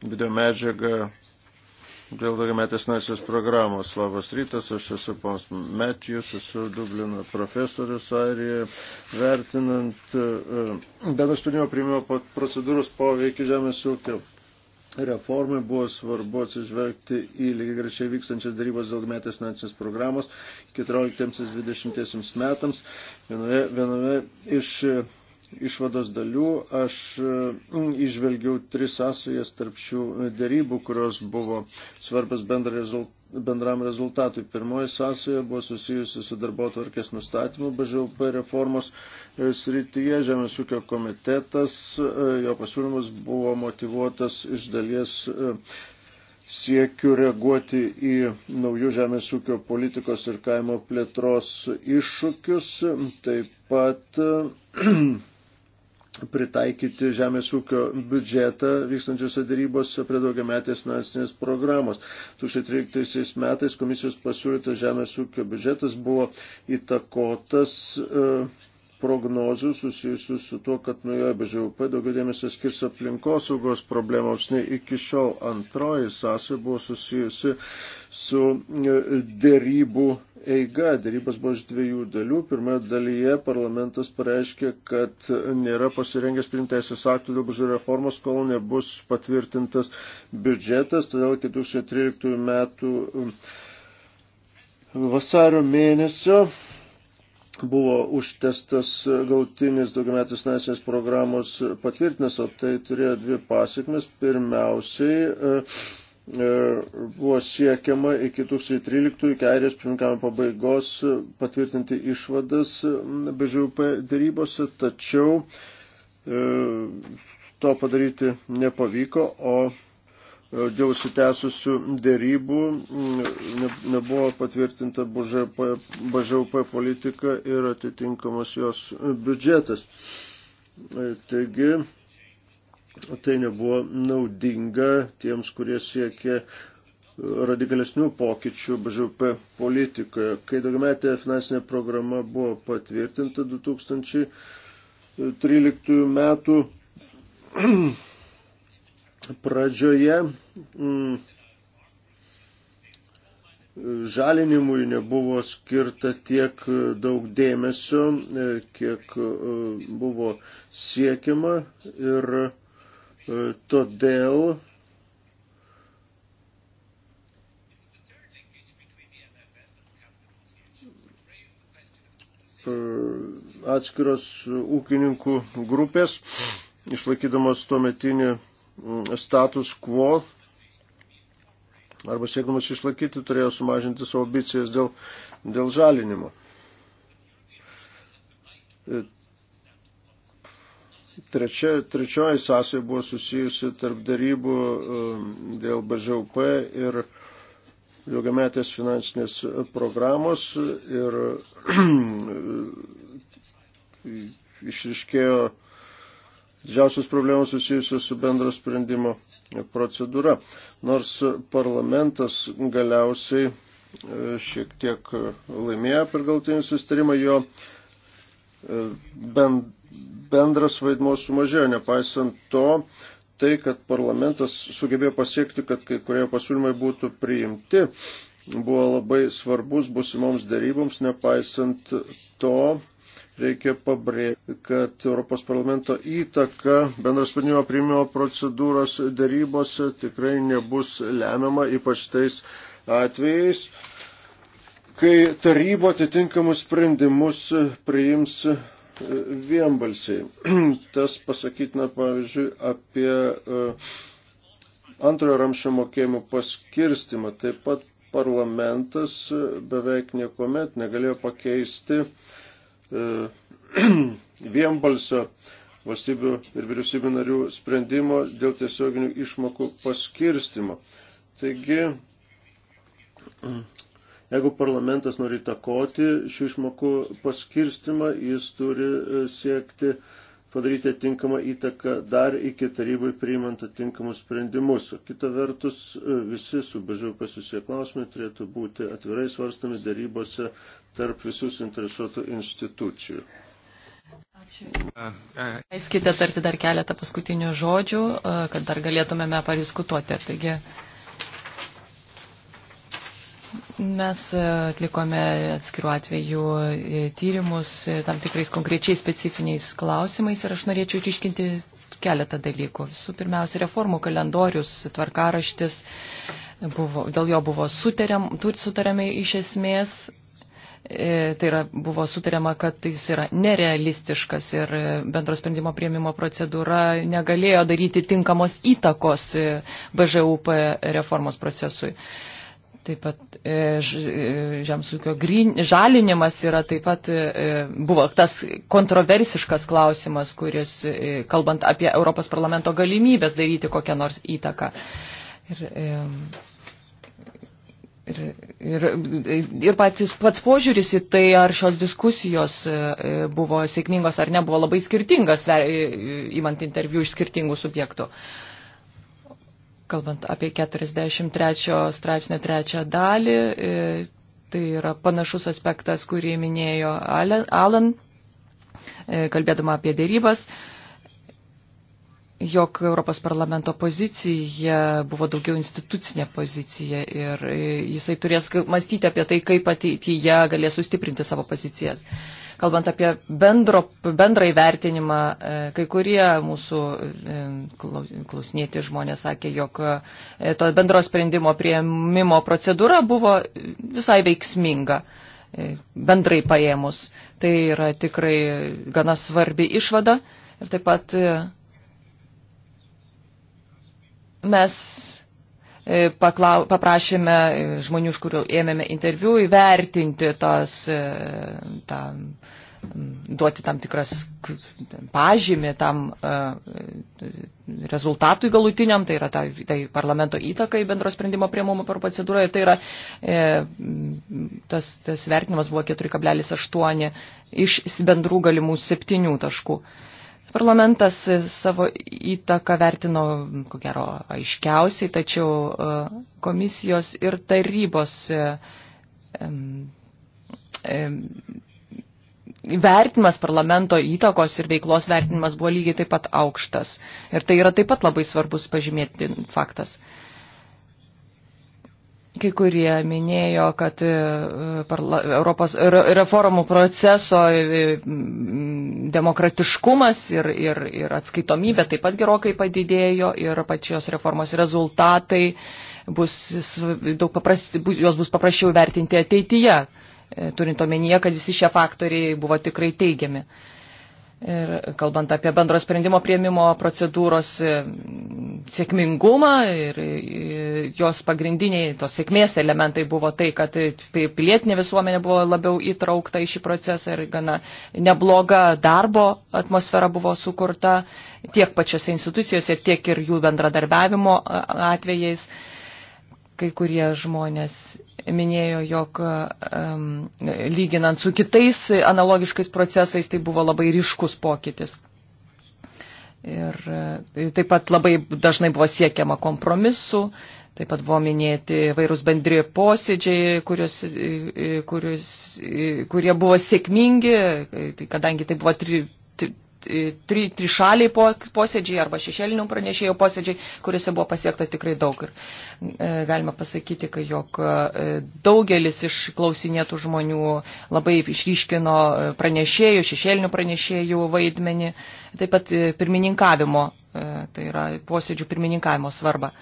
video medžiagą dėl daugiametės nacijos programos. Labas rytas, aš esu Pons Matthews, esu Dublino profesorius Airijoje, vertinant e, bendro sprendimo priimimo procedūros poveikį žemės ūkio. Reformai buvo svarbu atsižvelgti į lygiai grečiai vykstančias darybos dėl metės nacinės programos 14-20 metams. Vienoje, vienoje iš išvados dalių aš mm, išvelgiau tris sąsajas tarp šių dėrybų, kurios buvo svarbios bendram rezultatui. Pirmoji sąsaja buvo susijusi su darbo tvarkės nustatymu BŽUP reformos e, srityje. Žemės ūkio komitetas, e, jo pasiūlymas buvo motivuotas iš dalies e, siekiu reaguoti į naujų žemės ūkio politikos ir kaimo plėtros iššūkius, taip pat pritaikyti žemės ūkio biudžetą vykstančiose darybose prie daugiametės finansinės programos. 2013 metais komisijos pasiūlytas žemės ūkio biudžetas buvo įtakotas uh, prognozių susijusių su tuo, kad nuėjo BŽUP daugiau dėmesio skirs aplinkosaugos problemams, nei iki šiol antroji sąsai buvo susijusi su e, dėrybų eiga. Dėrybas buvo iš dviejų dalių. Pirmoje dalyje parlamentas pareiškė, kad nėra pasirengęs priimti teisės aktų dėl BŽUP reformos, kol nebus patvirtintas biudžetas, todėl iki 2013 metų vasario mėnesio buvo užtestas gautinis daugiametės finansinės programos patvirtinęs, o tai turėjo dvi pasiekmes. Pirmiausiai e, e, buvo siekiama iki 2013 iki airijos pirmininkavimo pabaigos patvirtinti išvadas BŽUP darybose, tačiau e, to padaryti nepavyko, o dėl sitęsusių dėrybų nebuvo patvirtinta BŽUP politika ir atitinkamas jos biudžetas. E, taigi, tai nebuvo naudinga tiems, kurie siekė radikalesnių pokyčių BŽP politikoje. Kai daugiametė finansinė programa buvo patvirtinta 2013 metų pradžioje mm, žalinimui nebuvo skirta tiek daug dėmesio, e, kiek e, buvo siekiama ir e, todėl atskiros ūkininkų grupės, išlaikydamos tuometinį Mm, status quo arba siekdamas išlaikyti turėjo sumažinti savo ambicijas dėl, dėl žalinimo. E, trečia, trečioji sąsaja buvo susijusi tarp darybų e, dėl BŽUP ir ilgametės finansinės programos ir išriškėjo Didžiausios problemos susijusios su bendro sprendimo procedūra. Nors parlamentas galiausiai e, šiek tiek laimėjo per galtinį sustarimą, jo e, bendras vaidmo sumažėjo, nepaisant to, tai, kad parlamentas sugebėjo pasiekti, kad kai kurie pasiūlymai būtų priimti, buvo labai svarbus busimoms daryboms, nepaisant to, reikia pabrėžti, kad Europos parlamento įtaka bendras sprendimo priimimo procedūros darybose tikrai nebus lemiama, ypač tais atvejais, kai taryba atitinkamus sprendimus priims vienbalsiai. Tas pasakytina, pavyzdžiui, apie e, antrojo ramšio mokėjimų paskirstimą. Taip pat parlamentas beveik niekuomet negalėjo pakeisti uh, E, vienbalsio valstybių ir vyriausybių narių sprendimo dėl tiesioginių išmokų paskirstimo. Taigi, jeigu parlamentas nori įtakoti šių išmokų paskirstimą, jis turi e, siekti uh, padaryti atinkamą įtaką dar iki tarybai priimant atinkamus sprendimus. O kita vertus, e, visi su BŽP susiję klausimai turėtų būti atvirai svarstami darybose tarp visų suinteresuotų institucijų. Ačiū. Leiskite tarti dar keletą paskutinių žodžių, e, kad dar galėtumėme padiskutuoti. Taigi, Mes e, atlikome atskirų atvejų e, tyrimus e, tam tikrais konkrečiais specifiniais klausimais ir aš norėčiau iškinti keletą dalykų. Visų pirmiausia, reformų kalendorius, tvarkaraštis, buvo, dėl jo buvo sutariam, sutariami iš esmės tai yra, buvo sutariama, kad jis yra nerealistiškas ir bendro sprendimo prieimimo procedūra negalėjo daryti tinkamos įtakos BŽUP reformos procesui. Taip pat e, e, žemsūkio gryn, žalinimas yra taip pat e, buvo tas kontroversiškas klausimas, kuris, kalbant apie Europos parlamento galimybės daryti kokią nors įtaką. Ir, ir, ir, ir patys, pats požiūris į tai, ar šios diskusijos buvo sėkmingos ar ne, buvo labai skirtingas, įmant interviu iš skirtingų subjektų. Uh, kalbant apie 43 straipsnio trečią dalį, e, tai yra panašus aspektas, kurį minėjo Alan, e, kalbėdama apie dėrybas, jog Europos parlamento pozicija buvo daugiau institucinė pozicija ir e, jisai turės mąstyti apie tai, kaip ateityje galės sustiprinti savo pozicijas. Uh, kalbant apie bendro, bendrą įvertinimą, e, kai kurie mūsų e, klausinėti žmonės sakė, jog e, to bendro sprendimo prieimimo procedūra buvo visai veiksminga bendrai paėmus. Tai yra tikrai gana svarbi išvada ir taip pat mes E, paklau, paprašėme žmonių, iš kurių ėmėme interviu, įvertinti tas, e, tą, duoti tam tikras pažymį tam e, rezultatui galutiniam, tai yra tai, tai parlamento įtakai bendro sprendimo priemumo per procedūrą, tai yra tas, tas vertinimas buvo 4,8 iš bendrų galimų septynių taškų. Parlamentas savo įtaką vertino, ko gero, aiškiausiai, tačiau e, komisijos ir tarybos e, vertinimas parlamento įtakos ir veiklos vertinimas buvo lygiai taip pat aukštas. Ir tai yra taip pat labai svarbus pažymėti faktas. Kai kurie minėjo, kad e, parla, Europos reformų proceso e, demokratiškumas ir, ir, ir atskaitomybė taip pat gerokai padidėjo ir pačios reformos rezultatai bus daug paprasti, jos bus paprasčiau vertinti ateityje, e, turint omenyje, kad visi šie faktoriai buvo tikrai teigiami. Uh, Ir kalbant apie bendro sprendimo prieimimo procedūros e, sėkmingumą ir e, jos pagrindiniai tos sėkmės elementai buvo tai, kad pilietinė visuomenė buvo labiau įtraukta į šį procesą ir gana nebloga darbo atmosfera buvo sukurta tiek pačiose institucijose, tiek ir jų bendradarbiavimo atvejais kai kurie žmonės minėjo, jog um, lyginant su kitais analogiškais procesais tai buvo labai ryškus pokytis. Ir e, taip pat labai dažnai buvo siekiama kompromisu, taip pat buvo minėti vairūs bendri posėdžiai, kurios, e, e, kurios, kurie buvo sėkmingi, tai kadangi tai buvo tri, E, tri, trišaliai po, posėdžiai arba šešėlinių pranešėjų posėdžiai, kuriuose buvo pasiekta tikrai daug. Ir e, galima pasakyti, kad jog e, daugelis iš klausinėtų žmonių labai išryškino e, pranešėjų, šešėlinių pranešėjų vaidmenį, taip pat e, pirmininkavimo, e, tai yra posėdžių pirmininkavimo svarbą.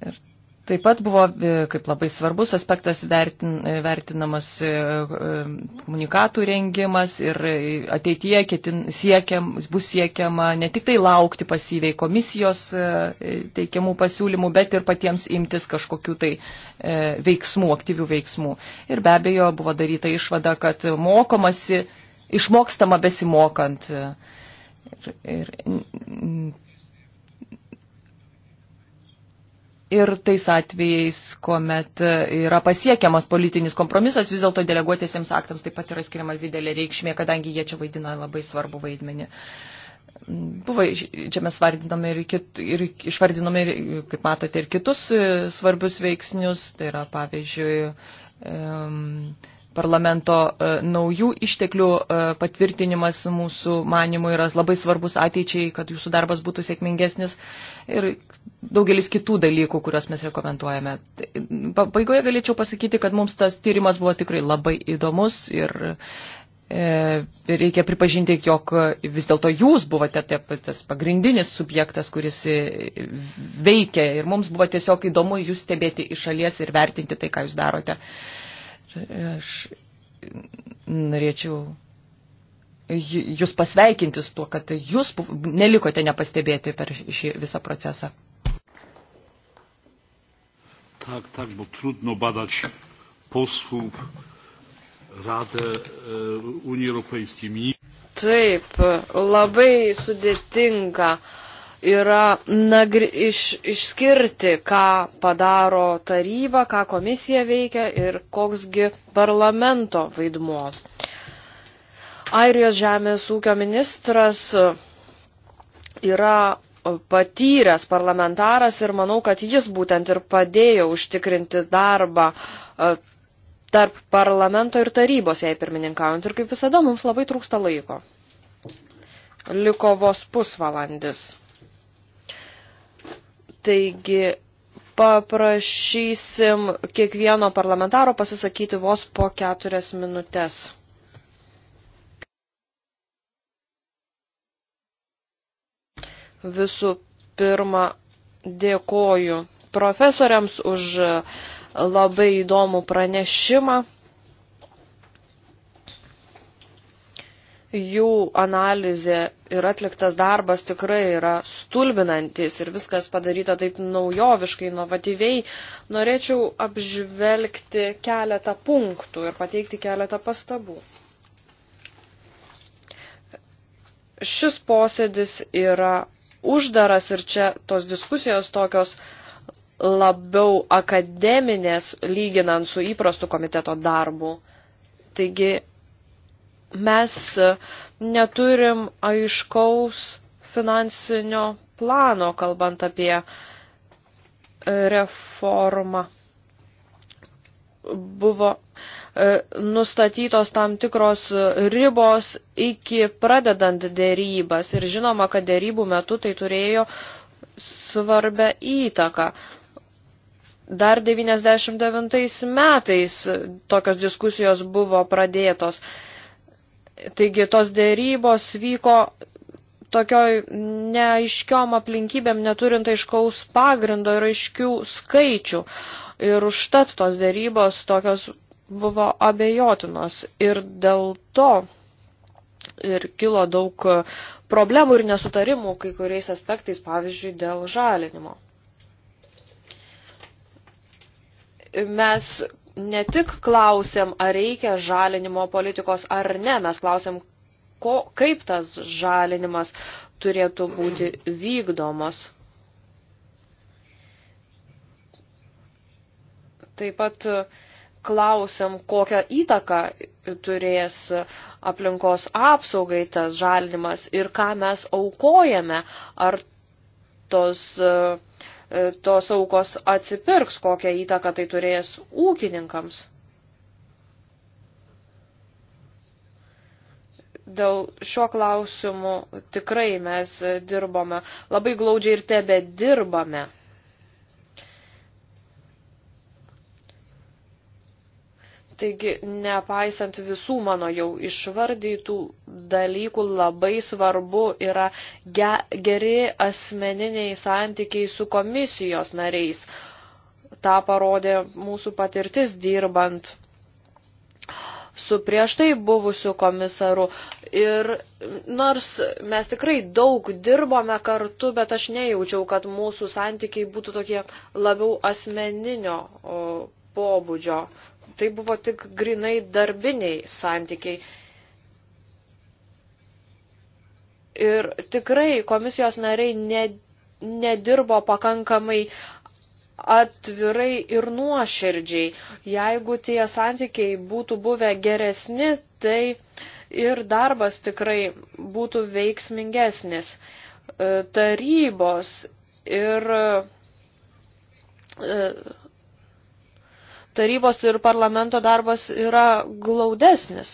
Ir Taip pat buvo e, kaip labai svarbus aspektas vertin, vertinamas e, e, komunikatų rengimas ir ateityje ketin, siekiam, bus siekiama ne tik tai laukti pasyviai komisijos teikiamų pasiūlymų, bet ir patiems imtis kažkokių tai veiksmų, aktyvių veiksmų. Ir be abejo buvo daryta išvada, kad mokomasi, išmokstama besimokant. Ir, ir ir tais atvejais, kuomet e, yra pasiekiamas politinis kompromisas, vis dėlto deleguotiesiems aktams taip pat yra skiriama didelė reikšmė, kadangi jie čia vaidina labai svarbu vaidmenį. Buvo, čia mes vardiname ir, kit, ir išvardinome, ir, kaip matote, ir kitus e, svarbius veiksnius, tai yra pavyzdžiui, um, e, parlamento e, naujų išteklių e, patvirtinimas mūsų manimų yra labai svarbus ateičiai, kad jūsų darbas būtų sėkmingesnis ir daugelis kitų dalykų, kuriuos mes rekomenduojame. Tai, pabaigoje galėčiau pasakyti, kad mums tas tyrimas buvo tikrai labai įdomus ir e, reikia pripažinti, jog vis dėlto jūs buvote tas pagrindinis subjektas, kuris veikia ir mums buvo tiesiog įdomu jūs stebėti iš šalies ir vertinti tai, ką jūs darote. Aš norėčiau jūs pasveikintis tuo, kad jūs nelikote nepastebėti per šį visą procesą. Tak, tak, bo trudno badać posłów Radę e, Unii Europejskiej. Taip, labai sudėtinga uh, yra nagri, iš, išskirti, ką padaro taryba, ką komisija veikia ir koksgi parlamento vaidmuo. Airijos žemės ūkio ministras yra patyręs parlamentaras ir manau, kad jis būtent ir padėjo užtikrinti darbą e, tarp parlamento ir tarybos, jei pirmininkaujant. Ir kaip visada, mums labai trūksta laiko. Liko vos pusvalandis. Taigi paprašysim kiekvieno parlamentaro pasisakyti vos po keturias minutės. Visų pirma, dėkoju profesoriams už labai įdomų pranešimą. jų analizė ir atliktas darbas tikrai yra stulbinantis ir viskas padaryta taip naujoviškai, inovatyviai, norėčiau apžvelgti keletą punktų ir pateikti keletą pastabų. Šis posėdis yra uždaras ir čia tos diskusijos tokios labiau akademinės lyginant su įprastu komiteto darbu. Taigi mes e, neturim aiškaus finansinio plano, kalbant apie e, reformą. Buvo e, nustatytos tam tikros ribos iki pradedant dėrybas ir žinoma, kad dėrybų metu tai turėjo svarbę įtaką. Dar 99 metais tokios diskusijos buvo pradėtos Taigi tos dėrybos vyko tokioj neaiškiom aplinkybėm, neturint aiškaus pagrindo ir aiškių skaičių. Ir užtat tos dėrybos tokios buvo abejotinos. Ir dėl to ir kilo daug problemų ir nesutarimų kai kuriais aspektais, pavyzdžiui, dėl žalinimo. Mes ne tik klausėm, ar reikia žalinimo politikos ar ne, mes klausėm, ko, kaip tas žalinimas turėtų būti vykdomas. Taip pat klausim, kokią įtaką turės aplinkos apsaugai tas žalinimas ir ką mes aukojame, ar tos uh, E, tos aukos atsipirks, kokią įtaką tai turės ūkininkams. Dėl šio klausimu tikrai mes dirbome, labai glaudžiai ir tebe dirbame. Taigi, nepaisant visų mano jau išvardytų dalykų, labai svarbu yra ge, geri asmeniniai santykiai su komisijos nariais. Ta parodė mūsų patirtis dirbant su prieš tai buvusiu komisaru. Ir nors mes tikrai daug dirbome kartu, bet aš nejaučiau, kad mūsų santykiai būtų tokie labiau asmeninio pobūdžio tai buvo tik grinai darbiniai santykiai. Ir tikrai komisijos nariai ne, nedirbo pakankamai atvirai ir nuoširdžiai. Jeigu tie santykiai būtų buvę geresni, tai ir darbas tikrai būtų veiksmingesnis. E, tarybos ir e, tarybos ir parlamento darbas yra glaudesnis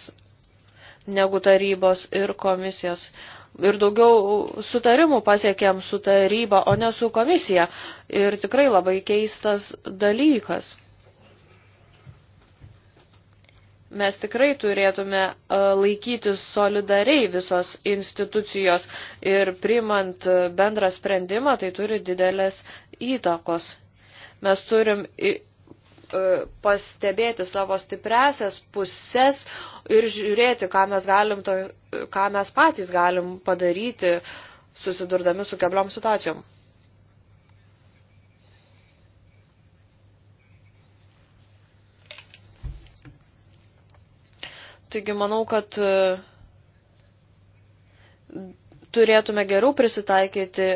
negu tarybos ir komisijos. Ir daugiau sutarimų pasiekėm su taryba, o ne su komisija. Ir tikrai labai keistas dalykas. Mes tikrai turėtume e, laikytis solidariai visos institucijos ir primant e, bendrą sprendimą, tai turi didelės įtakos. Mes turim E, pastebėti savo stipresias puses ir žiūrėti, ką mes, galim to, ką mes patys galim padaryti, susidurdami su kebliom situacijom. Taigi manau, kad e, turėtume geriau prisitaikyti,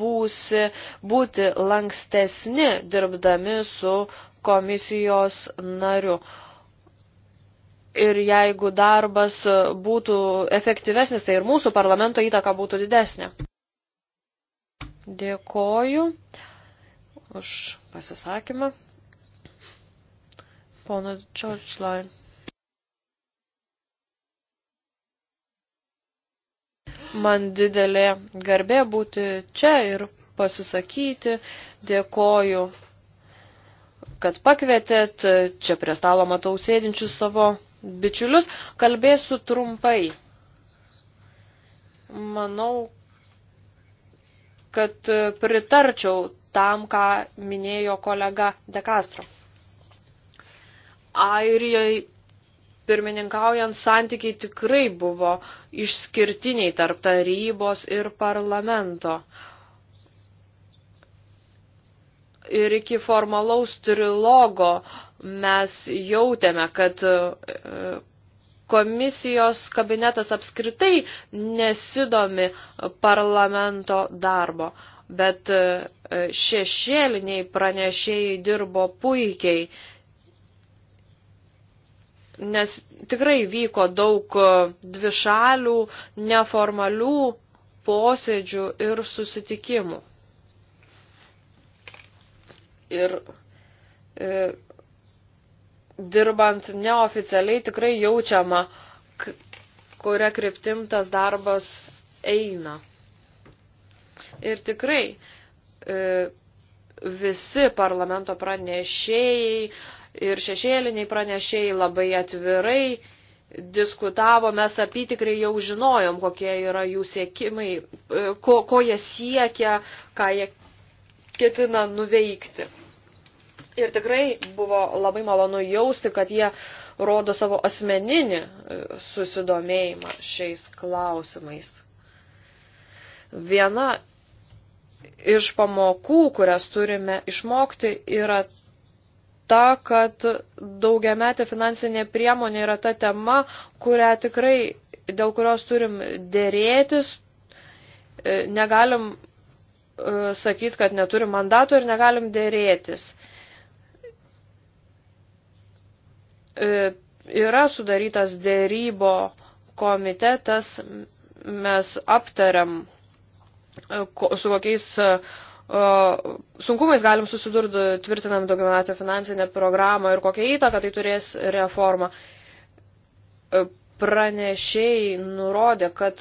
būsi, būti lankstesni dirbdami su komisijos nariu. Ir jeigu darbas būtų efektyvesnis, tai ir mūsų parlamento įtaka būtų didesnė. Dėkoju už pasisakymą. Ponas George Line. man didelė garbė būti čia ir pasisakyti. Dėkoju kad pakvietėt. Čia prie stalo matau sėdinčius savo bičiulius. Kalbėsiu trumpai. Manau, kad pritarčiau tam, ką minėjo kolega De Castro. Airijai pirmininkaujant santykiai tikrai buvo išskirtiniai tarp tarybos ir parlamento ir iki formalaus trilogo mes jautėme, kad e, komisijos kabinetas apskritai nesidomi parlamento darbo, bet e, šešėliniai pranešėjai dirbo puikiai, nes tikrai vyko daug e, dvišalių, neformalių posėdžių ir susitikimų ir e, dirbant neoficialiai tikrai jaučiama, kuria kryptim tas darbas eina. Ir tikrai e, visi parlamento pranešėjai ir šešėliniai pranešėjai labai atvirai diskutavo, mes apytikrai jau žinojom, kokie yra jų siekimai, e, ko, ko jie siekia, ką jie ketina nuveikti. Ir tikrai buvo labai malonu jausti, kad jie rodo savo asmeninį e, susidomėjimą šiais klausimais. Viena iš pamokų, kurias turime išmokti, yra ta, kad daugiametė finansinė priemonė yra ta tema, kurią tikrai, dėl kurios turim dėrėtis, e, negalim e, sakyti, kad neturim mandato ir negalim dėrėtis. E, yra sudarytas dėrybo komitetas, mes aptariam, e, su kokiais e, sunkumais galim susidurti, tvirtinam daugiametę finansinę programą ir kokią įtaką tai turės reforma. Pranešėjai nurodė, kad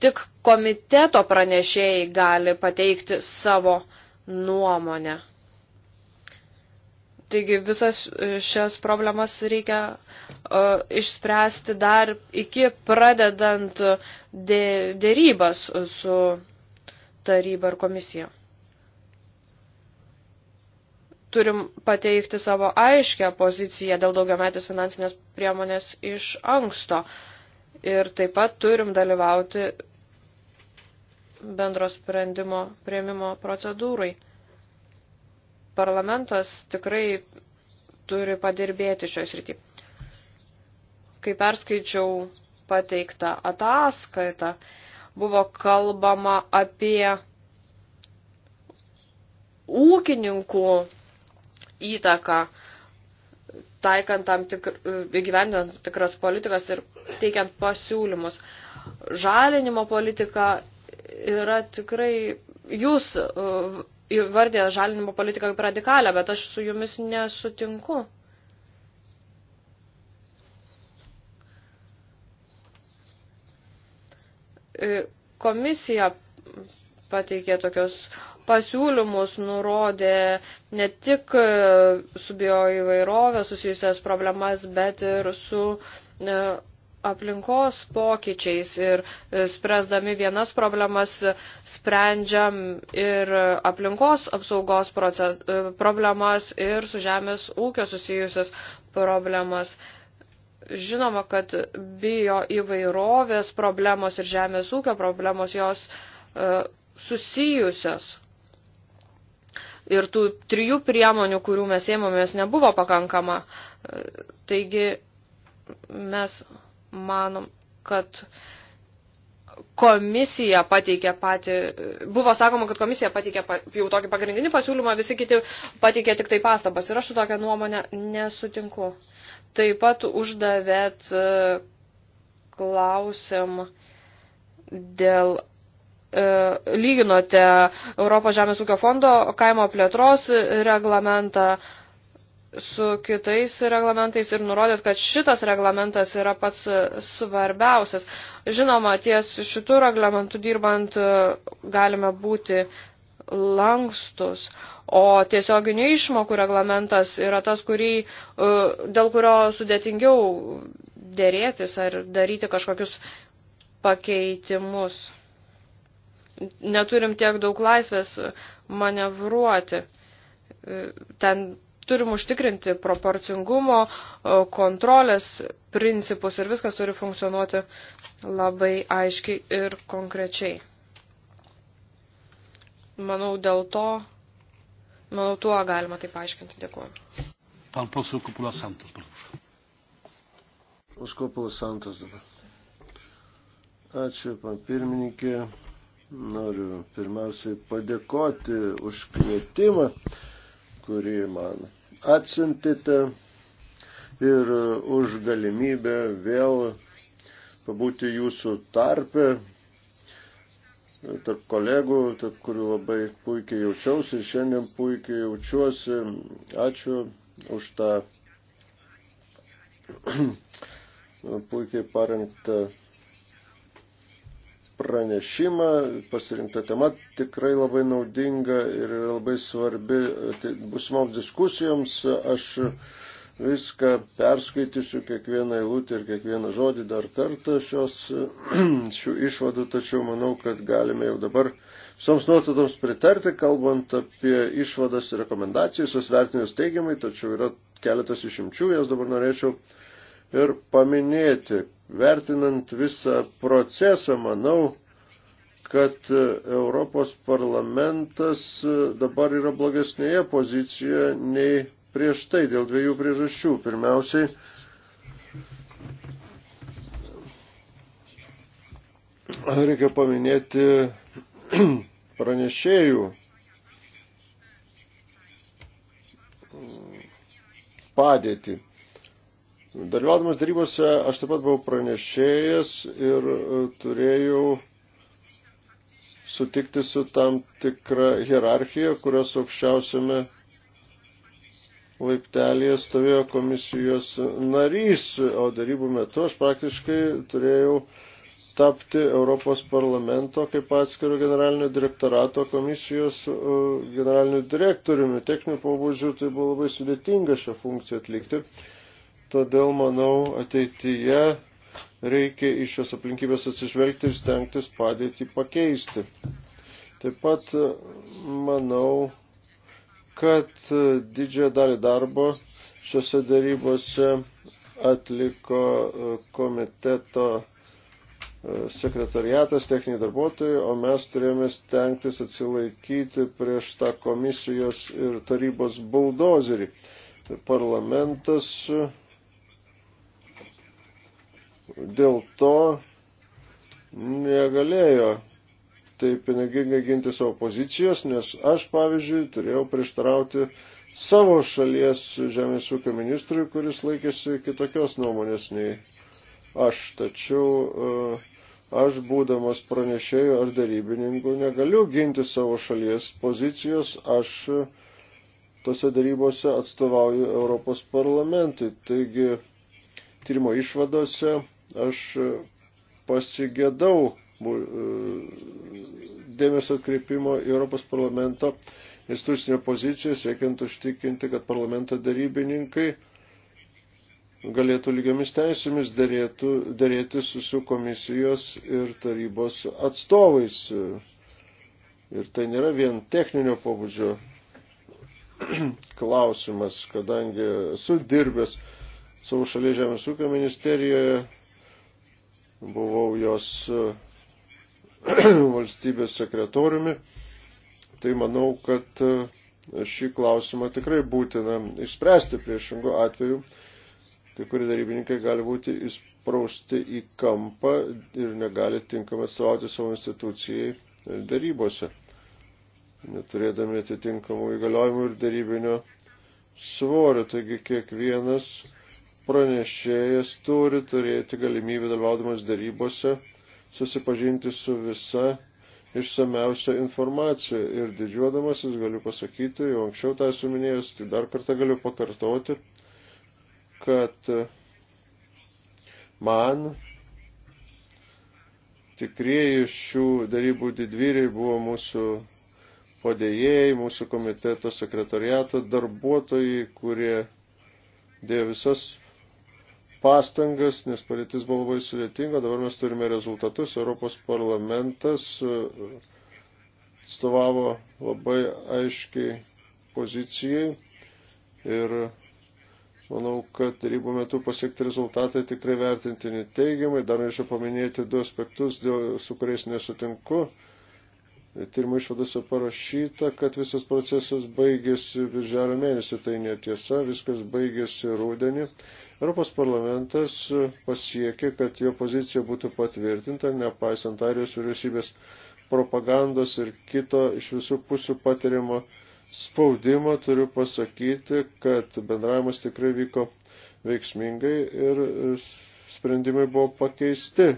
tik komiteto pranešėjai gali pateikti savo nuomonę. Taigi visas e, šias problemas reikia uh, išspręsti dar iki pradedant e, dė, dėrybas su taryba ir komisija. Turim pateikti savo aiškę poziciją dėl daugiametės finansinės priemonės iš anksto. Ir taip pat turim dalyvauti bendro sprendimo prieimimo procedūrai parlamentas tikrai turi padirbėti šioje srityje. Kai perskaičiau pateiktą ataskaitą, buvo kalbama apie ūkininkų įtaką, taikant tam tikr, įgyvendinant tikras politikas ir teikiant pasiūlymus. Žalinimo politika yra tikrai, jūs įvardė žalinimo politiką kaip radikalią, bet aš su jumis nesutinku. E, komisija pateikė tokios pasiūlymus, nurodė ne tik su bioįvairovė susijusias problemas, bet ir su e, aplinkos pokyčiais ir e, spręsdami vienas problemas e, sprendžiam ir aplinkos apsaugos e, problemas ir su žemės ūkio susijusias problemas. Žinoma, kad bio įvairovės problemos ir žemės ūkio problemos jos susijusios. Ir tų trijų priemonių, kurių mes ėmėmės, nebuvo pakankama. Taigi mes manom, kad komisija pateikė patį, buvo sakoma, kad komisija pateikė jau tokį pagrindinį pasiūlymą, visi kiti pateikė tik tai pastabas ir aš su tokia nuomonė nesutinku. Taip pat uždavėt e, klausim dėl e, lyginote Europos žemės ūkio fondo kaimo plėtros reglamentą su kitais reglamentais ir nurodėt, kad šitas reglamentas yra pats e, svarbiausias. Žinoma, ties šitų reglamentų dirbant e, galime būti lankstus, o tiesioginių išmokų reglamentas yra tas, kurį, e, dėl kurio sudėtingiau dėrėtis ar daryti kažkokius pakeitimus. Neturim tiek daug laisvės manevruoti. Ten turim užtikrinti proporcingumo, kontrolės principus ir viskas turi funkcionuoti labai aiškiai ir konkrečiai. Manau, dėl to, manau, tuo galima tai paaiškinti. Dėkuoju. Pan posel Kupula Santos, prašau. Pas Kupula Santos dabar. Ačiū, pan pirmininkė. Noriu pirmiausiai padėkoti už kvietimą kurį man atsintite ir e, už galimybę vėl pabūti jūsų tarpe, tarp kolegų, tarp kurių labai puikiai jaučiausi ir šiandien puikiai jaučiuosi. Ačiū už tą puikiai parengtą pranešimą, pasirinkta tema tikrai labai naudinga ir labai svarbi tai būsimoms diskusijoms. Aš viską perskaitysiu, kiekvieną eilutę ir kiekvieną žodį dar kartą šios, šių išvadų, tačiau manau, kad galime jau dabar visoms nuotatoms pritarti, kalbant apie išvadas ir rekomendacijas, jos vertinės teigiamai, tačiau yra keletas išimčių, jas dabar norėčiau ir paminėti, Vertinant visą procesą, manau, kad Europos parlamentas dabar yra blogesnėje pozicijoje nei prieš tai dėl dviejų priežasčių. Pirmiausiai, reikia paminėti pranešėjų padėtį. Dalyvaudamas darybose aš taip pat buvau pranešėjęs ir e, turėjau sutikti su tam tikra hierarchija, kurios aukščiausiame laiptelėje stovėjo komisijos narys, o darybų metu aš praktiškai turėjau tapti Europos parlamento kaip atskiro generalinio direktorato komisijos e, generaliniu direktoriumi. Techninių pobūdžių tai buvo labai sudėtinga šią funkciją atlikti. Todėl, manau, ateityje reikia iš šios aplinkybės atsižvelgti ir stengtis padėti pakeisti. Taip pat manau, kad didžiąją dalį darbo šiuose darybose atliko e, komiteto e, sekretariatas, techniniai darbuotojai, o mes turėjome stengtis atsilaikyti prieš tą komisijos ir tarybos buldozerį. Parlamentas dėl to negalėjo taip pinigingai ginti savo pozicijos, nes aš, pavyzdžiui, turėjau prieštarauti savo šalies žemės ūkio ministrui, kuris laikėsi kitokios nuomonės nei aš. Tačiau e, aš, būdamas pranešėjų ar darybininkų, negaliu ginti savo šalies pozicijos, aš e, tose darybose atstovauju Europos parlamentui. Taigi, tyrimo išvadose Aš e, pasigėdau e, dėmesio atkreipimo į Europos parlamento institucinę poziciją, siekiant užtikinti, kad parlamento darybininkai galėtų lygiamis teisėmis dėrėtų, dėrėti su, su komisijos ir tarybos atstovais. Ir tai nėra vien techninio pobūdžio klausimas, kadangi esu dirbęs savo šalia Žemės ūkio ministerijoje buvau jos e, valstybės sekretoriumi, tai manau, kad e, šį klausimą tikrai būtina išspręsti priešingų atveju. Kai kurie darybininkai gali būti įsprausti į kampą ir negali tinkamai atstovauti savo institucijai e, darybose, neturėdami atitinkamų įgaliojimų ir darybinio svorio. Taigi kiekvienas pranešėjas turi turėti galimybę dalyvaudamas darybose susipažinti su visa išsameusia informacija. Ir didžiuodamasis galiu pasakyti, jau anksčiau tą esu minėjęs, tai dar kartą galiu pakartoti, kad man tikrieji šių darybų didvyriai buvo mūsų padėjėjai, mūsų komiteto sekretariato darbuotojai, kurie dėjo visas pastangas, nes padėtis buvo labai sudėtinga, dabar mes turime rezultatus. Europos parlamentas e, atstovavo labai aiškiai pozicijai ir manau, kad darybų metu pasiekti rezultatai tikrai vertintini teigiamai. Dar norėčiau paminėti du aspektus, dėl, su kuriais nesutinku. Tyrimo išvadose parašyta, kad visas procesas baigėsi birželio mėnesį, tai netiesa, viskas baigėsi rūdienį. Europos parlamentas e, pasiekė, kad jo pozicija būtų patvirtinta, nepaisant Airijos vyriausybės propagandos ir kito iš visų pusių patiriamo spaudimo, turiu pasakyti, kad bendravimas tikrai vyko veiksmingai ir e, sprendimai buvo pakeisti,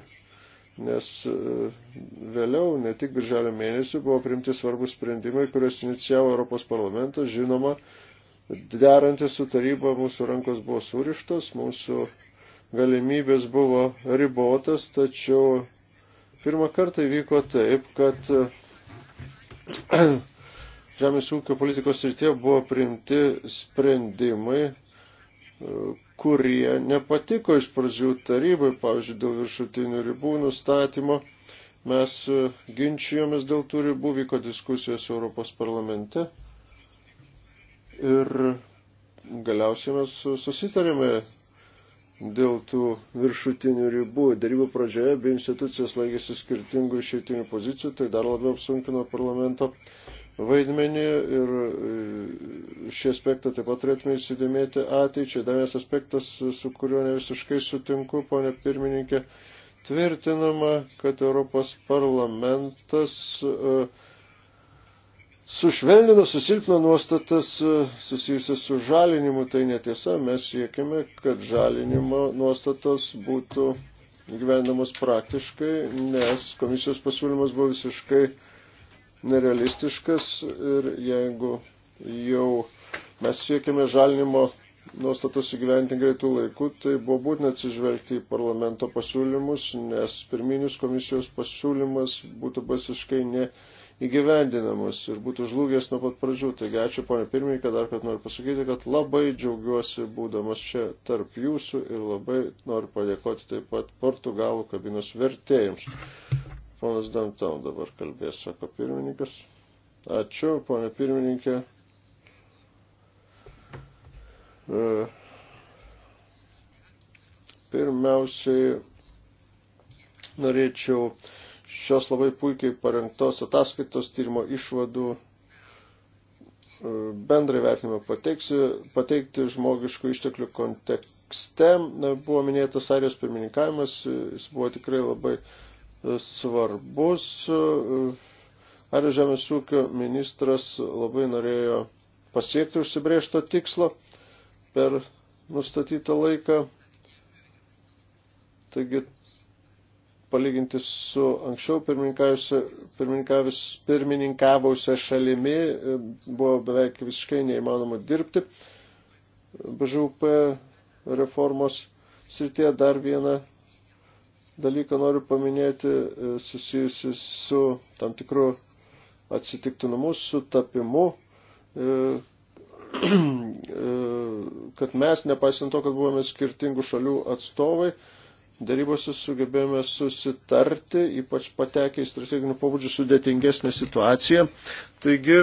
nes e, vėliau, ne tik birželio mėnesį, buvo priimti svarbus sprendimai, kuriuos inicijavo Europos parlamentas, žinoma, derantis su taryba mūsų rankos buvo surištos, mūsų galimybės buvo ribotas, tačiau pirmą kartą įvyko taip, kad žemės ūkio politikos srityje buvo priimti sprendimai, kurie nepatiko iš pradžių tarybai, pavyzdžiui, dėl viršutinių ribų nustatymo. Mes ginčijomės dėl tų ribų, vyko diskusijos Europos parlamente. Ir galiausiai mes susitarėme dėl tų viršutinių ribų. Darybų pradžioje abi institucijos laikėsi skirtingų išeitinių pozicijų, tai dar labiau apsunkino parlamento vaidmenį ir e, šį aspektą taip pat turėtume įsidėmėti ateičiai. Dar vienas aspektas, su kuriuo ne visiškai sutinku, ponė pirmininkė, tvirtinama, kad Europos parlamentas uh, sušvelnino, susilpno nuostatas e, susijusias su žalinimu, tai netiesa, mes siekime, kad žalinimo nuostatos būtų gyvenamos praktiškai, nes komisijos pasiūlymas buvo visiškai nerealistiškas ir jeigu jau mes siekime žalinimo nuostatas įgyventi greitų laikų, tai buvo būtina atsižvelgti į parlamento pasiūlymus, nes pirminis komisijos pasiūlymas būtų visiškai ne įgyvendinamos ir būtų žlugęs nuo pat pradžių. Taigi ačiū, ponė pirmininkė, dar kad noriu pasakyti, kad labai džiaugiuosi būdamas čia tarp jūsų ir labai noriu padėkoti taip pat portugalų kabinos vertėjams. Ponas Dantam dabar kalbės, sako pirmininkas. Ačiū, ponė pirmininkė. E, pirmiausiai norėčiau šios labai puikiai parengtos ataskaitos tyrimo išvadų e, bendrą vertinimą pateikti žmogiškų išteklių kontekste. Buvo minėtas Arijos pirmininkavimas, jis buvo tikrai labai e, svarbus. Arijos žemės ūkio ministras labai norėjo pasiekti užsibrėžto tikslo per nustatytą laiką. Taigi palyginti su anksčiau pirmininkavusią šalimi e, buvo beveik visiškai neįmanoma dirbti. BŽUP reformos srityje dar vieną dalyką noriu paminėti e, susijusi su tam tikru atsitiktinumu, sutapimu, e, kad mes, nepaisant to, kad buvome skirtingų šalių atstovai, darybose sugebėjome susitarti, ypač patekę į strateginių pabudžių sudėtingesnę situaciją. Taigi,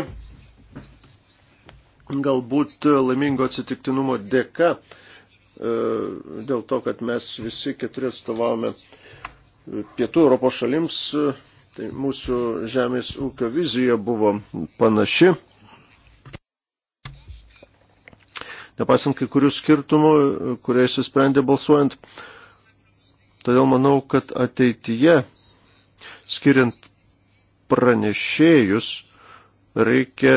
galbūt laimingo atsitiktinumo dėka, e, dėl to, kad mes visi keturi atstovavome pietų Europos šalims, tai mūsų žemės ūkio vizija buvo panaši. Nepaisant kai kurių skirtumų, kurie įsisprendė balsuojant, uh, Todėl manau, kad ateityje, skiriant pranešėjus, reikia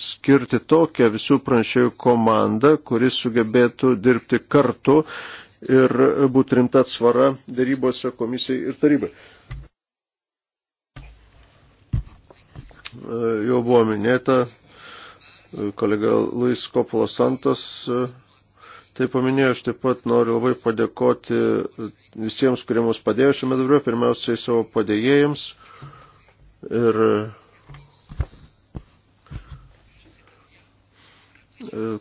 skirti tokią visų pranešėjų komandą, kuris sugebėtų dirbti kartu ir būtų rimta atsvara darybose komisijai ir tarybai. Jau buvo minėta, kolega Luis Kopolas Santos tai paminėjo, aš taip pat noriu labai padėkoti visiems, kurie mums padėjo šiame darbe, pirmiausiai savo padėjėjams. Ir e,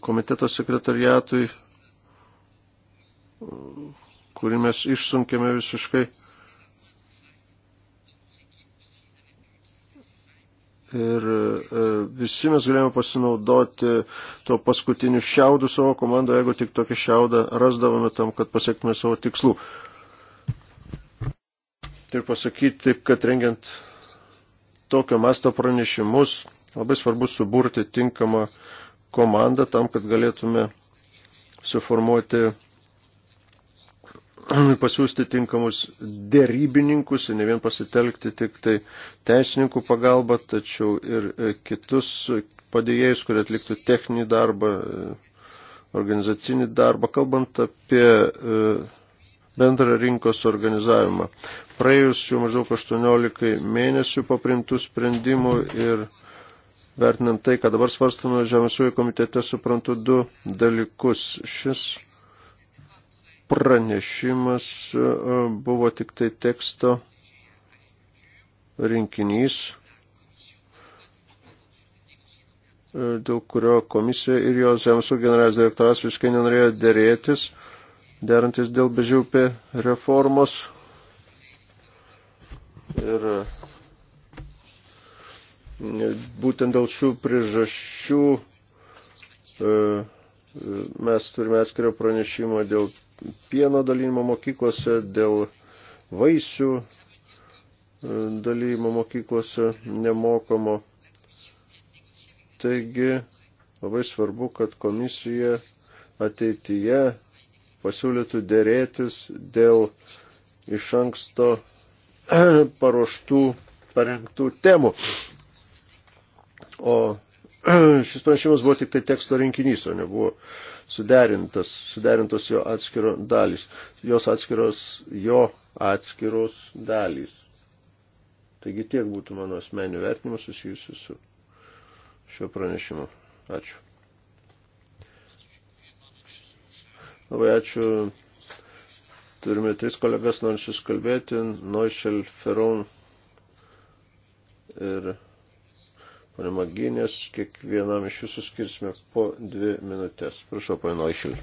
komiteto sekretariatui, kurį mes išsunkėme visiškai. Ir e, visi mes galėjome pasinaudoti to paskutiniu šiaudu savo komandą, jeigu tik tokį šiaudą rasdavome tam, kad pasiektume savo tikslų. Ir pasakyti, kad rengiant tokio masto pranešimus labai svarbu suburti tinkamą komandą tam, kad galėtume suformuoti pasiūsti tinkamus dėrybininkus ir ne vien pasitelkti tik tai teisininkų pagalbą, tačiau ir e, kitus padėjėjus, kurie atliktų techninį darbą, e, organizacinį darbą, kalbant apie e, bendrą rinkos organizavimą. Praėjus jau maždaug 18 mėnesių paprimtų sprendimų ir vertinant tai, ką dabar svarstame Žemės ūkio komitete, suprantu du dalykus. Šis pranešimas e, buvo tik tai teksto rinkinys, e, dėl kurio komisija ir jo Zemsų generalinis direktoras visiškai nenorėjo dėrėtis, derantis dėl bežiūpė reformos. Ir e, būtent dėl šių priežasčių mes turime atskirą pranešimą dėl pieno dalinimo mokyklose, dėl vaisių e, dalymo mokyklose nemokamo. Taigi labai svarbu, kad komisija ateityje pasiūlytų dėrėtis dėl iš anksto paruoštų, parengtų temų. O šis pranešimas buvo tik tai teksto rinkinys, o nebuvo suderintas, suderintos jo atskiro dalys, jos atskiros, jo atskiros dalys. Taigi tiek būtų mano asmenių vertinimas susijusiu su šio pranešimu. Ačiū. Labai ačiū. Turime tris kolegas norinčius kalbėti. Noišel, Feron ir Pane Maginės, kiekvienam iš jūsų skirsime po dvi minutės. Prašau, pane Noišil.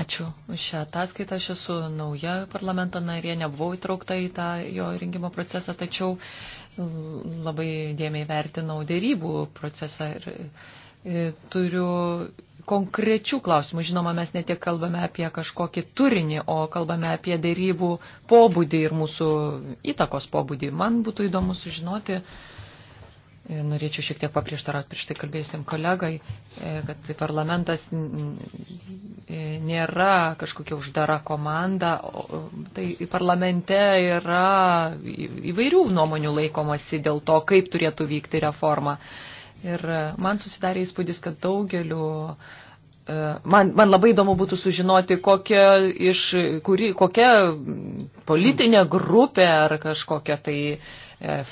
Ačiū už šią ataskaitą. Aš esu nauja parlamento narė, nebuvau įtraukta į tą jo rinkimo procesą, tačiau labai dėmiai vertinau dėrybų procesą ir e, turiu konkrečių klausimų. Žinoma, mes ne tiek kalbame apie kažkokį turinį, o kalbame apie dėrybų pobūdį ir mūsų įtakos pobūdį. Man būtų įdomu sužinoti, e, Norėčiau šiek tiek paprieštarauti prieš tai kalbėjusiam kolegai, e, kad parlamentas e, nėra kažkokia uždara komanda, tai parlamente yra įvairių nuomonių laikomasi dėl to, kaip turėtų vykti reforma. Ir e, man susidarė įspūdis, kad daugeliu e, Man, man labai įdomu būtų sužinoti, kokia, iš, kuri, kokia politinė grupė ar kažkokia tai e,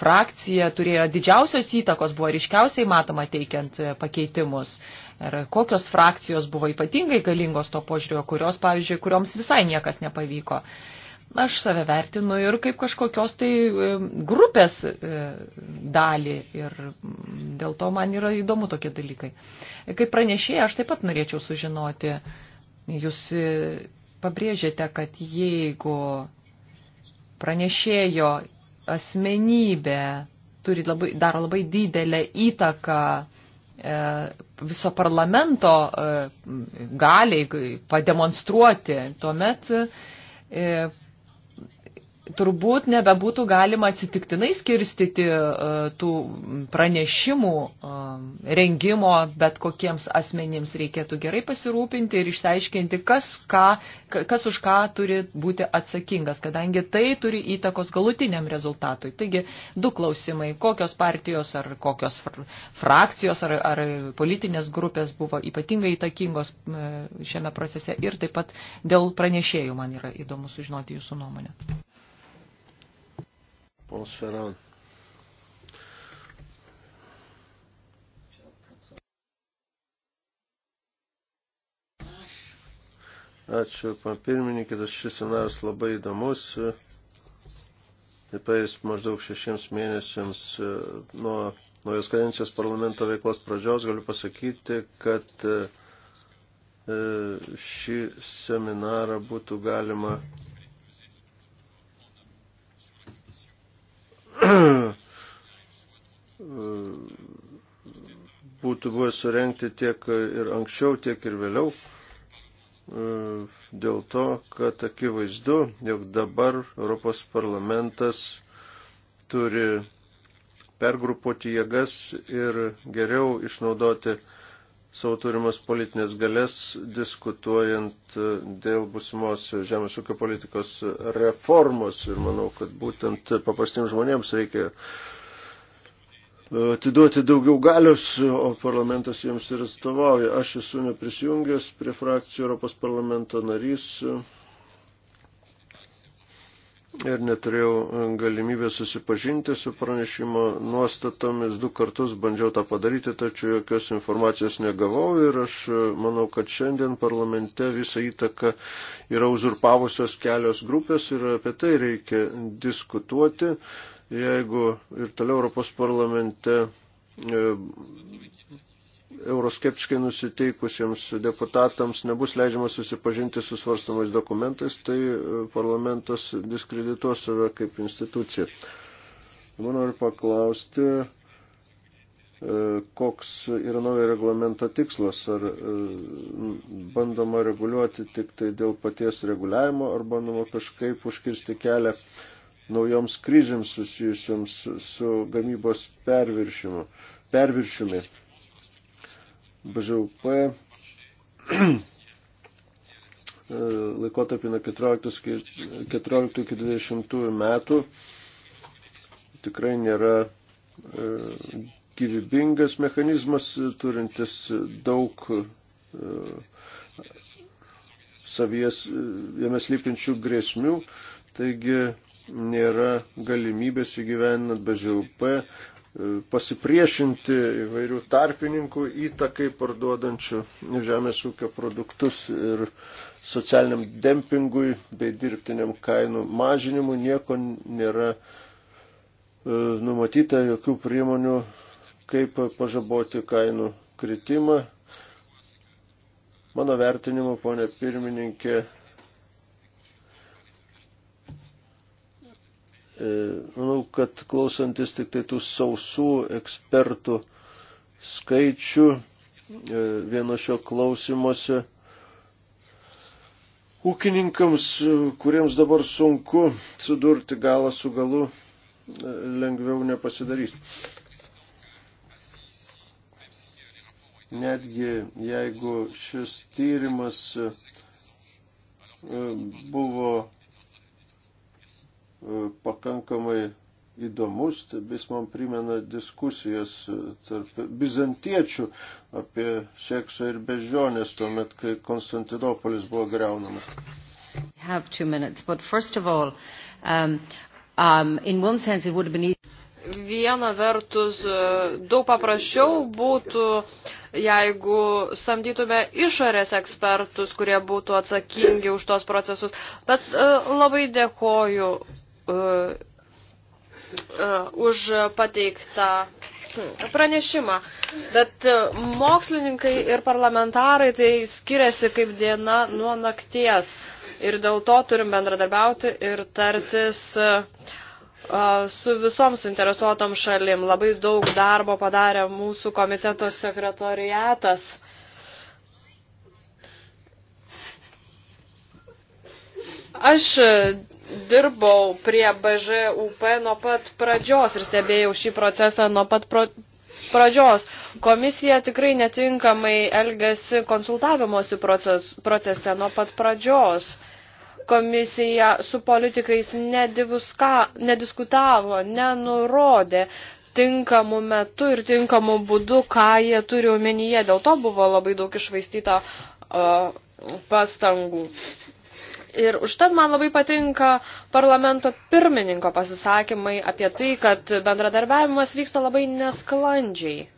frakcija turėjo didžiausios įtakos, buvo ryškiausiai matoma teikiant pakeitimus. Ar kokios frakcijos buvo ypatingai galingos to požiūrio, kurios, pavyzdžiui, kurioms visai niekas nepavyko. Uh, Aš save vertinu ir kaip kažkokios tai e, grupės e, dalį ir dėl to man yra įdomu tokie dalykai. Kaip pranešėja, aš taip pat norėčiau sužinoti, jūs e, pabrėžėte, kad jeigu pranešėjo asmenybė turi labai, daro labai didelę įtaką viso parlamento galiai pademonstruoti, tuomet turbūt nebebūtų galima atsitiktinai skirstyti e, tų pranešimų e, rengimo, bet kokiems asmenims reikėtų gerai pasirūpinti ir išsiaiškinti, kas, ką, kas už ką turi būti atsakingas, kadangi tai turi įtakos galutiniam rezultatui. Taigi, du klausimai, kokios partijos ar kokios frakcijos ar, ar politinės grupės buvo ypatingai įtakingos e, šiame procese ir taip pat dėl pranešėjų man yra įdomu sužinoti jūsų nuomonę. Pons Ferran. Ačiū, pan pirmininkė, tas šis scenarius labai įdomus. Taip jis maždaug šešiems mėnesiams e, nuo naujos kadencijos parlamento veiklos pradžios galiu pasakyti, kad e, e, šį seminarą būtų galima būtų buvę surenkti tiek ir anksčiau, tiek ir vėliau. E, dėl to, kad akivaizdu, jog dabar Europos parlamentas turi pergrupuoti jėgas ir geriau išnaudoti uh, savo turimas politinės galės diskutuojant e, dėl busimos žemės ūkio politikos reformos. Ir manau, kad būtent paprastiems žmonėms reikia e, atiduoti daugiau galios, o parlamentas jiems ir atstovauja. Aš esu neprisijungęs prie frakcijų Europos parlamento narys ir neturėjau galimybės susipažinti su pranešimo nuostatomis. Du kartus bandžiau tą padaryti, tačiau jokios informacijos negavau ir aš e, manau, kad šiandien parlamente visą įtaką yra uzurpavusios kelios grupės ir apie tai reikia diskutuoti. Jeigu ir toliau Europos parlamente e, euroskeptiškai nusiteikusiems deputatams nebus leidžiama susipažinti su svarstamais dokumentais, tai e, parlamentas diskredituos save kaip institucija. Man noriu paklausti, e, koks yra naujo reglamento tikslas, ar e, bandoma reguliuoti tik tai dėl paties reguliavimo, ar bandoma kažkaip užkirsti kelią naujoms krizėms susijusiams su gamybos perviršiumi BŽUP e, laikotarpį nuo 14 iki 20 metų tikrai nėra e, gyvybingas mechanizmas, turintis daug e, savies jame slypinčių grėsmių, taigi nėra galimybės įgyveninant BŽUP E, pasipriešinti įvairių tarpininkų įtakai parduodančių žemės ūkio produktus ir socialiniam dempingui bei dirbtiniam kainų mažinimui nieko nėra e, numatyta jokių priemonių, kaip pažaboti kainų kritimą. Mano vertinimu, ponė pirmininkė, E, manau, kad klausantis tik tai tų sausų ekspertų skaičių e, vieno šio klausimuose, ūkininkams, kuriems dabar sunku sudurti galą su galu, e, lengviau nepasidarys. Netgi jeigu šis tyrimas buvo E, pakankamai įdomus, vis tai man primena diskusijas e, tarp bizantiečių apie seksą ir bežionės tuomet, kai Konstantinopolis buvo greunamas. Have two minutes, but first of all, um, um, in one sense it would have been easy. Viena vertus, e, daug paprasčiau būtų, jeigu samdytume išorės ekspertus, kurie būtų atsakingi už tos procesus. Bet labai dėkoju uh, už pateiktą pranešimą. Bet mokslininkai ir parlamentarai tai skiriasi kaip diena nuo nakties. Ir dėl to turim bendradarbiauti ir tartis e, su visom suinteresuotom šalim. Labai daug darbo padarė mūsų komiteto sekretoriatas. Aš dirbau prie BŽUP nuo pat pradžios ir stebėjau šį procesą nuo pat pro pradžios. Komisija tikrai netinkamai elgesi konsultavimuose proces, procese nuo pat pradžios. Komisija su politikais nedivuska, nediskutavo, nenurodė tinkamu metu ir tinkamu būdu, ką jie turi omenyje. Dėl to buvo labai daug išvaistyta uh, pastangų. Uh, Ir užtat man labai patinka parlamento pirmininko pasisakymai apie tai, kad bendradarbiavimas vyksta labai nesklandžiai.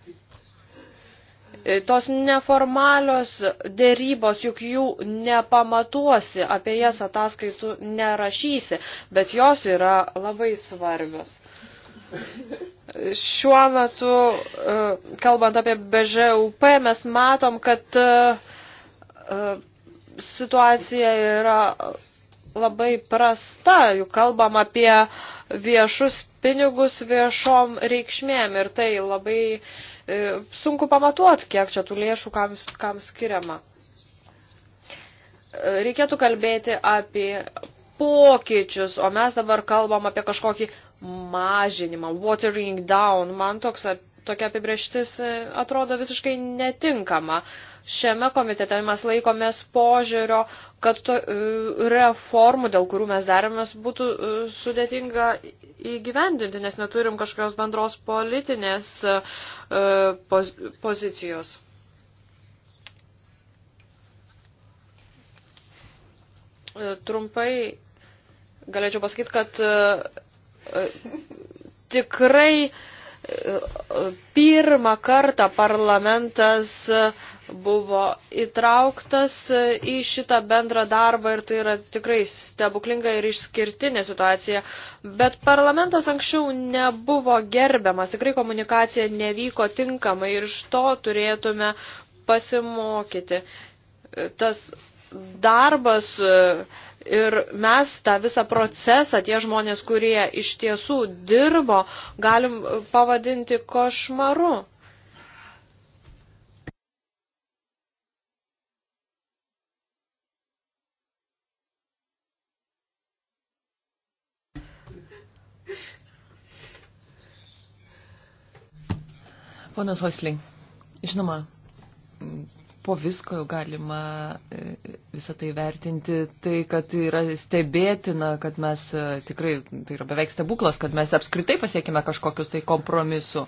Tos neformalios dėrybos, juk jų nepamatuosi, apie jas ataskaitų nerašysi, bet jos yra labai svarbios. Šiuo metu, e, kalbant apie BŽUP, mes matom, kad e, e, situacija yra labai prasta, juk kalbam apie viešus pinigus viešom reikšmėm ir tai labai e, sunku pamatuoti, kiek čia tų lėšų kam, kam skiriama. E, reikėtų kalbėti apie pokyčius, o mes dabar kalbam apie kažkokį mažinimą, watering down. Man toks, tokia apibrieštis e, atrodo visiškai netinkama. E, šiame komitete mes laikomės požiūrio, kad to, e, reformų, dėl kurių mes darėmės, būtų e, sudėtinga įgyvendinti, nes neturim kažkokios bendros politinės e, poz, pozicijos. Trumpai galėčiau pasakyti, kad tikrai uh, pirmą kartą parlamentas buvo įtrauktas į šitą bendrą darbą ir tai yra tikrai stebuklinga ir išskirtinė situacija. Bet parlamentas anksčiau nebuvo gerbiamas, tikrai komunikacija nevyko tinkamai ir iš to turėtume pasimokyti. Tas darbas e, ir mes tą visą procesą, tie žmonės, kurie iš tiesų dirbo, galim pavadinti košmaru. Ponas Hosling, žinoma, po visko jau galima e, visą tai vertinti. Tai, kad yra stebėtina, kad mes e, tikrai, tai yra beveik stebuklas, kad mes apskritai pasiekime kažkokius tai kompromisu,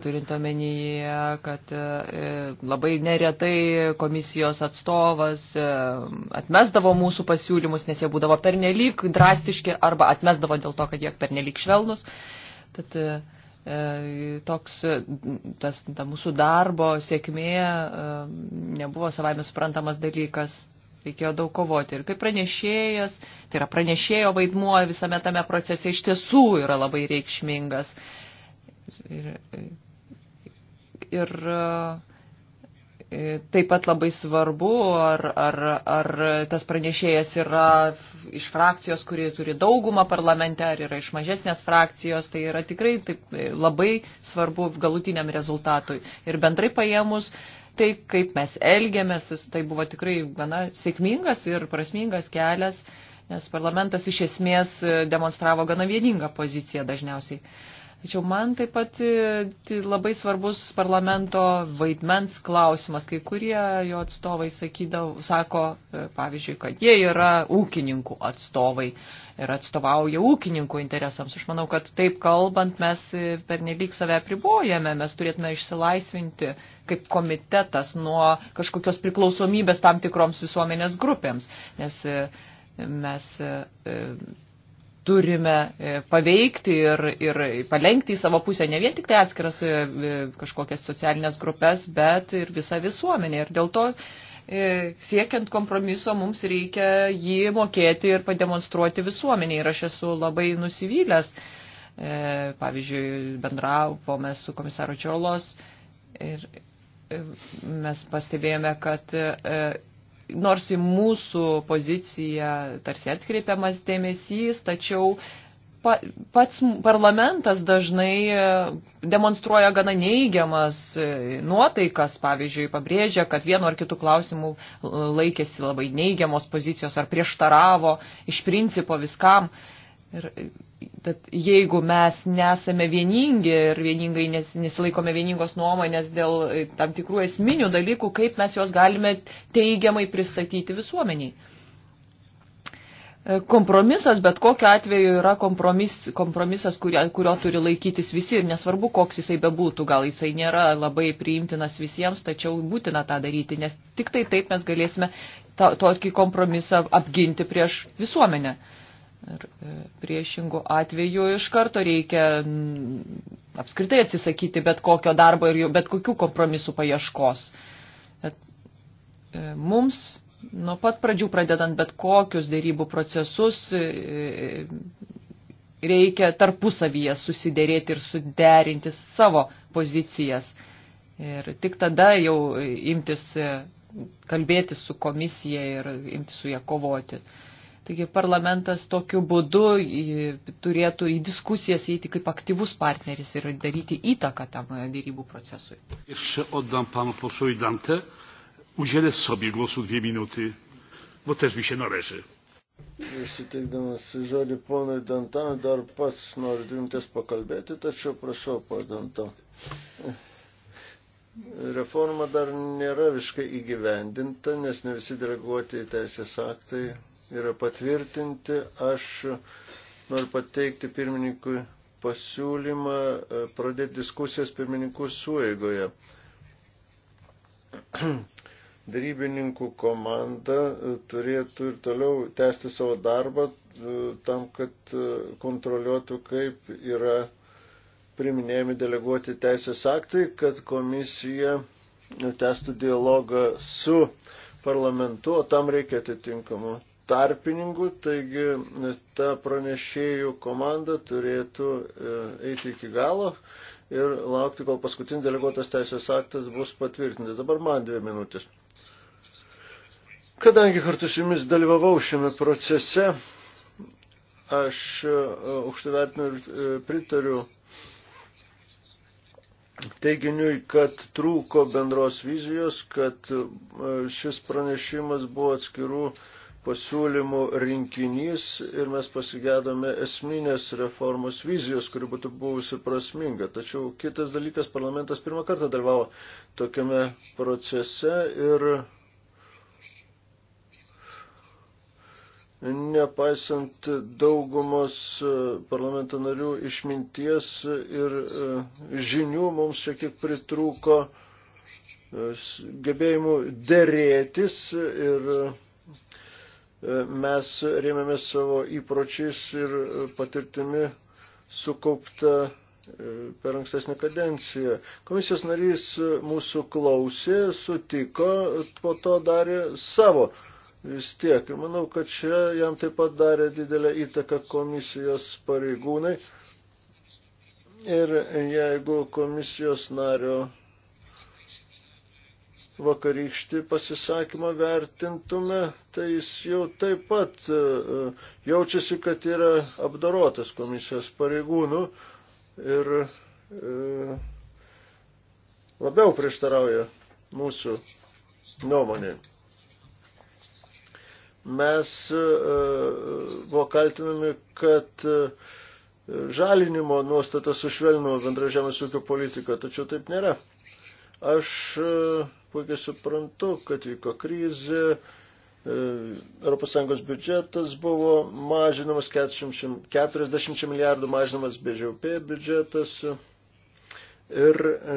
turint omenyje, kad e, labai neretai komisijos atstovas atmesdavo mūsų pasiūlymus, nes jie būdavo pernelyg drastiški arba atmesdavo dėl to, kad jie pernelyg švelnus. Tad, E, toks e, tas ta mūsų darbo sėkmė e, nebuvo savaime suprantamas dalykas. Reikėjo daug kovoti. Ir kaip pranešėjas, tai yra pranešėjo vaidmuo visame tame procese iš tiesų yra labai reikšmingas. Ir, ir E, taip pat labai svarbu, ar, ar, ar tas pranešėjas yra iš frakcijos, kuri turi daugumą parlamente, ar yra iš mažesnės frakcijos, tai yra tikrai taip, e, labai svarbu galutiniam rezultatui. Ir bendrai paėmus, tai kaip mes elgiamės, tai buvo tikrai gana sėkmingas ir prasmingas kelias, nes parlamentas iš esmės e, demonstravo gana vieningą poziciją dažniausiai. Uh, Tačiau man taip pat e, tai labai svarbus parlamento vaidmens klausimas. Kai kurie jo atstovai sakydavo, sako, e, pavyzdžiui, kad jie yra ūkininkų atstovai ir atstovauja ūkininkų interesams. Aš manau, kad taip kalbant mes e, per nevyk save pribojame, mes turėtume išsilaisvinti kaip komitetas nuo kažkokios priklausomybės tam tikroms visuomenės grupėms. Nes mes turime e, paveikti ir, ir palengti į savo pusę ne vien tik tai atskiras e, e, kažkokias socialinės grupės, bet ir visą visuomenę. Ir dėl to siekiant kompromiso mums reikia jį mokėti ir pademonstruoti visuomeniai. Ir aš esu labai nusivylęs. Pavyzdžiui, bendravome su komisaru Čiolos ir mes pastebėjome, kad nors į mūsų poziciją tarsi atkreipiamas dėmesys, tačiau pa, pats parlamentas dažnai demonstruoja gana neigiamas nuotaikas, pavyzdžiui, pabrėžia, kad vienu ar kitu klausimu laikėsi labai neigiamos pozicijos ar prieštaravo iš principo viskam. Uh, Ir tad jeigu mes nesame vieningi ir vieningai nes, nesilaikome vieningos nuomonės dėl tam tikrų esminių dalykų, kaip mes juos galime teigiamai pristatyti visuomeniai. Kompromisas, bet kokiu atveju yra kompromis, kompromisas, kurio, kurio turi laikytis visi ir nesvarbu, koks jisai bebūtų, gal jisai nėra labai priimtinas visiems, tačiau būtina tą daryti, nes tik tai taip mes galėsime tokį kompromisą apginti prieš visuomenę. Uh, Ir e, priešingų atveju iš karto reikia mm, apskritai atsisakyti bet kokio darbo ir bet kokių kompromisų paieškos. Bet e, mums nuo pat pradžių pradedant bet kokius dėrybų procesus e, reikia tarpusavyje susidėrėti ir suderinti savo pozicijas. Ir tik tada jau imtis kalbėti su komisija ir imti su ją kovoti. Uh, Taigi parlamentas tokiu būdu turėtų į diskusijas eiti kaip aktyvus partneris ir daryti įtaką tam e, dėrybų procesui. Jeszcze oddam panu posłowi Dante. Udzielę sobie głosu dwie minuty, bo też mi się należy. Įsiteikdamas žodį ponui Dantanui dar pats noriu rimtis pakalbėti, tačiau prašau, po Danto. Reforma dar nėra viškai įgyvendinta, nes ne visi deleguoti teisės aktai yra patvirtinti. Aš noriu pateikti pirmininkui pasiūlymą e, pradėti diskusijas pirmininkų suėgoje. Darybininkų komanda e, turėtų ir toliau tęsti savo darbą e, tam, kad kontroliuotų, kaip yra priminėjami deleguoti teisės aktai, kad komisija tęstų dialogą su parlamentu, o tam reikia atitinkamų tarpininkų, taigi ta pranešėjų komanda turėtų e, eiti iki galo ir laukti, kol paskutinis deleguotas teisės aktas bus patvirtintas. Dabar man dvi minutės. Kadangi kartu su jumis dalyvavau šiame procese, aš e, aukštavertinu ir e, pritariu teiginiui, kad trūko bendros vizijos, kad šis pranešimas buvo atskirų pasiūlymų rinkinys ir mes pasigėdome esminės reformos vizijos, kuri būtų buvusi prasminga. Tačiau kitas dalykas, parlamentas pirmą kartą dalyvavo tokiame procese ir nepaisant daugumos parlamento narių išminties ir e, žinių, mums šiek tiek pritrūko e, gebėjimų dėrėtis ir E, mes rėmėmės savo įpročiais ir e, patirtimi sukaupta e, per ankstesnį kadenciją. Komisijos narys mūsų klausė, sutiko, po to darė savo vis tiek. Ir manau, kad čia jam taip pat darė didelę įtaką komisijos pareigūnai. Ir jeigu komisijos nario vakarykštį pasisakymą vertintume, tai jis jau taip pat e, e, jaučiasi, kad yra apdarotas komisijos pareigūnų ir e, labiau prieštarauja mūsų nuomonė. Mes buvo kaltinami, kad žalinimo nuostatas sušvelnino bendra žemės ūkio politika, tačiau taip nėra. Aš e, puikiai suprantu, kad vyko krizė, ES biudžetas buvo mažinamas 40 milijardų, mažinamas BŽP biudžetas ir e,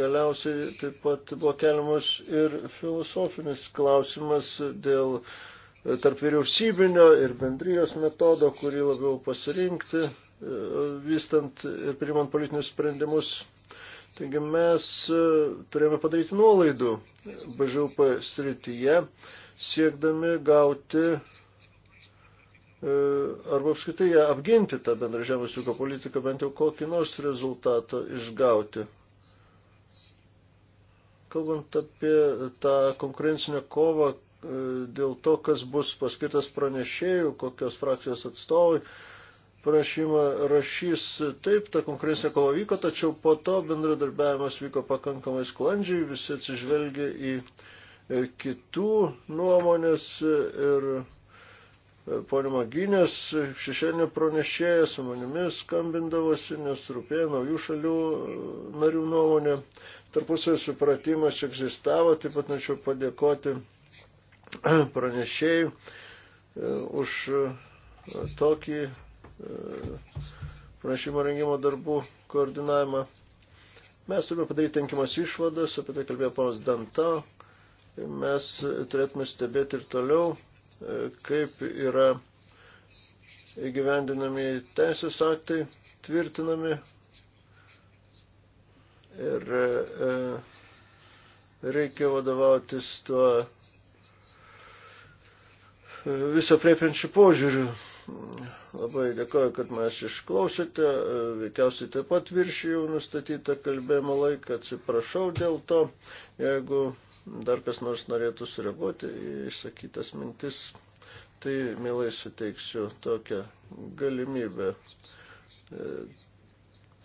galiausiai taip pat buvo keliamas ir filosofinis klausimas dėl e, tarp vyriausybinio ir bendrijos metodo, kurį labiau pasirinkti, vystant ir priimant politinius sprendimus Taigi mes e, turėjome padaryti nuolaidų BŽUP srityje, siekdami gauti e, arba apskritai apginti tą bendrą žemės ūkio politiką, bent jau kokį nors rezultatą išgauti. Kalbant apie tą konkurencinę kovą e, dėl to, kas bus paskirtas pranešėjų, kokios frakcijos atstovai, prašymą rašys taip, ta konkurencinė kova vyko, tačiau po to bendradarbiavimas vyko pakankamai sklandžiai, visi atsižvelgia į e, kitų nuomonės ir e, ponė Maginės, šešėlinė pranešėja, su manimi skambindavosi, nes rūpėjo naujų šalių e, narių nuomonė. Tarpusavio supratimas egzistavo, taip pat norėčiau padėkoti pranešėjai už tokį pranešimo rengimo darbų koordinavimą. Mes turime padaryti tenkimas išvadas, apie tai kalbėjo panas Danta. Mes turėtume stebėti ir toliau, e, kaip yra įgyvendinami teisės aktai, tvirtinami ir e, e reikia vadovautis tuo viso priepiančių požiūrių. Labai dėkoju, kad manęs išklausėte. Veikiausiai taip pat viršijau nustatytą kalbėjimo laiką. Atsiprašau dėl to, jeigu dar kas nors norėtų sureaguoti į išsakytas mintis, tai mielai suteiksiu tokią galimybę. E,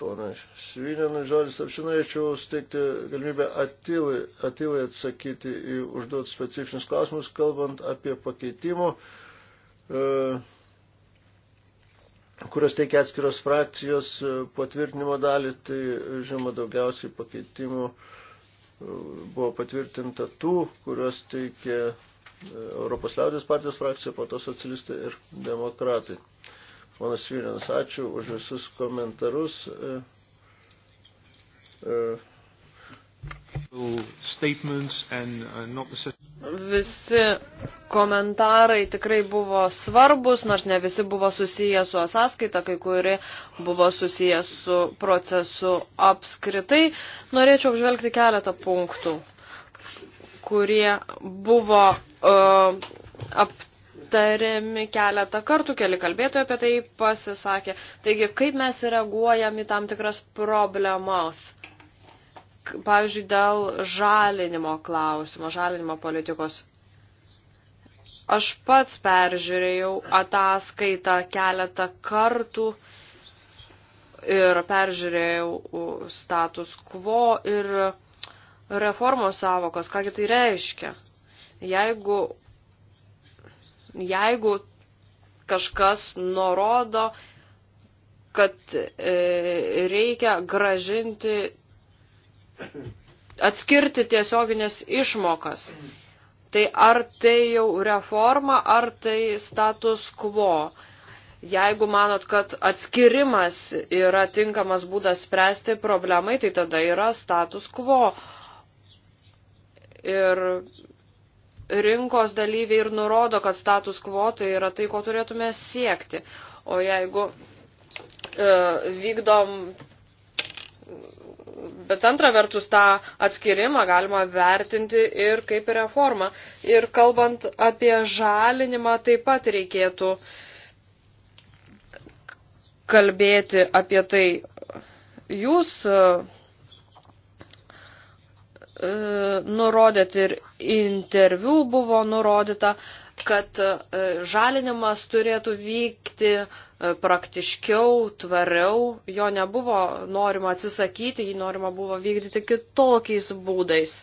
Pana Svinenų žodis, aš norėčiau steigti galimybę atilai, atilai atsakyti į užduotus specifinius klausimus, kalbant apie pakeitimo. E, kurios teikia atskiros frakcijos e, patvirtinimo dalį, tai e, žinoma daugiausiai pakeitimų e, buvo patvirtinta tų, kurios teikia Europos liaudės partijos frakcija, po to socialistai ir demokratai. Ponas Vilinas, ačiū už visus komentarus. E, e, Uh, visi komentarai tikrai buvo svarbus, nors ne visi buvo susiję su sąskaita, kai kuri buvo susiję su procesu apskritai. Norėčiau apžvelgti keletą punktų, kurie buvo uh, e, aptarti aptariami keletą kartų, keli kalbėtojai apie tai pasisakė. Taigi, kaip mes reaguojam į tam tikras problemas? pavyzdžiui, dėl žalinimo klausimo, žalinimo politikos. Aš pats peržiūrėjau ataskaitą keletą kartų ir peržiūrėjau status quo ir reformos savokas, kągi tai reiškia. Jeigu, jeigu kažkas nurodo, kad e, reikia gražinti atskirti tiesioginės išmokas. Tai ar tai jau reforma, ar tai status quo. Jeigu manot, kad atskirimas yra tinkamas būdas spręsti problemai, tai tada yra status quo. Ir rinkos dalyviai ir nurodo, kad status quo tai yra tai, ko turėtume siekti. O jeigu e, vykdom Bet antra vertus tą atskirimą galima vertinti ir kaip reformą. Ir kalbant apie žalinimą, taip pat reikėtų kalbėti apie tai. Jūs e, nurodėt ir interviu buvo nurodyta, kad e, žalinimas turėtų vykti uh, praktiškiau, tvariau, jo nebuvo norima atsisakyti, jį norima buvo vykdyti kitokiais būdais.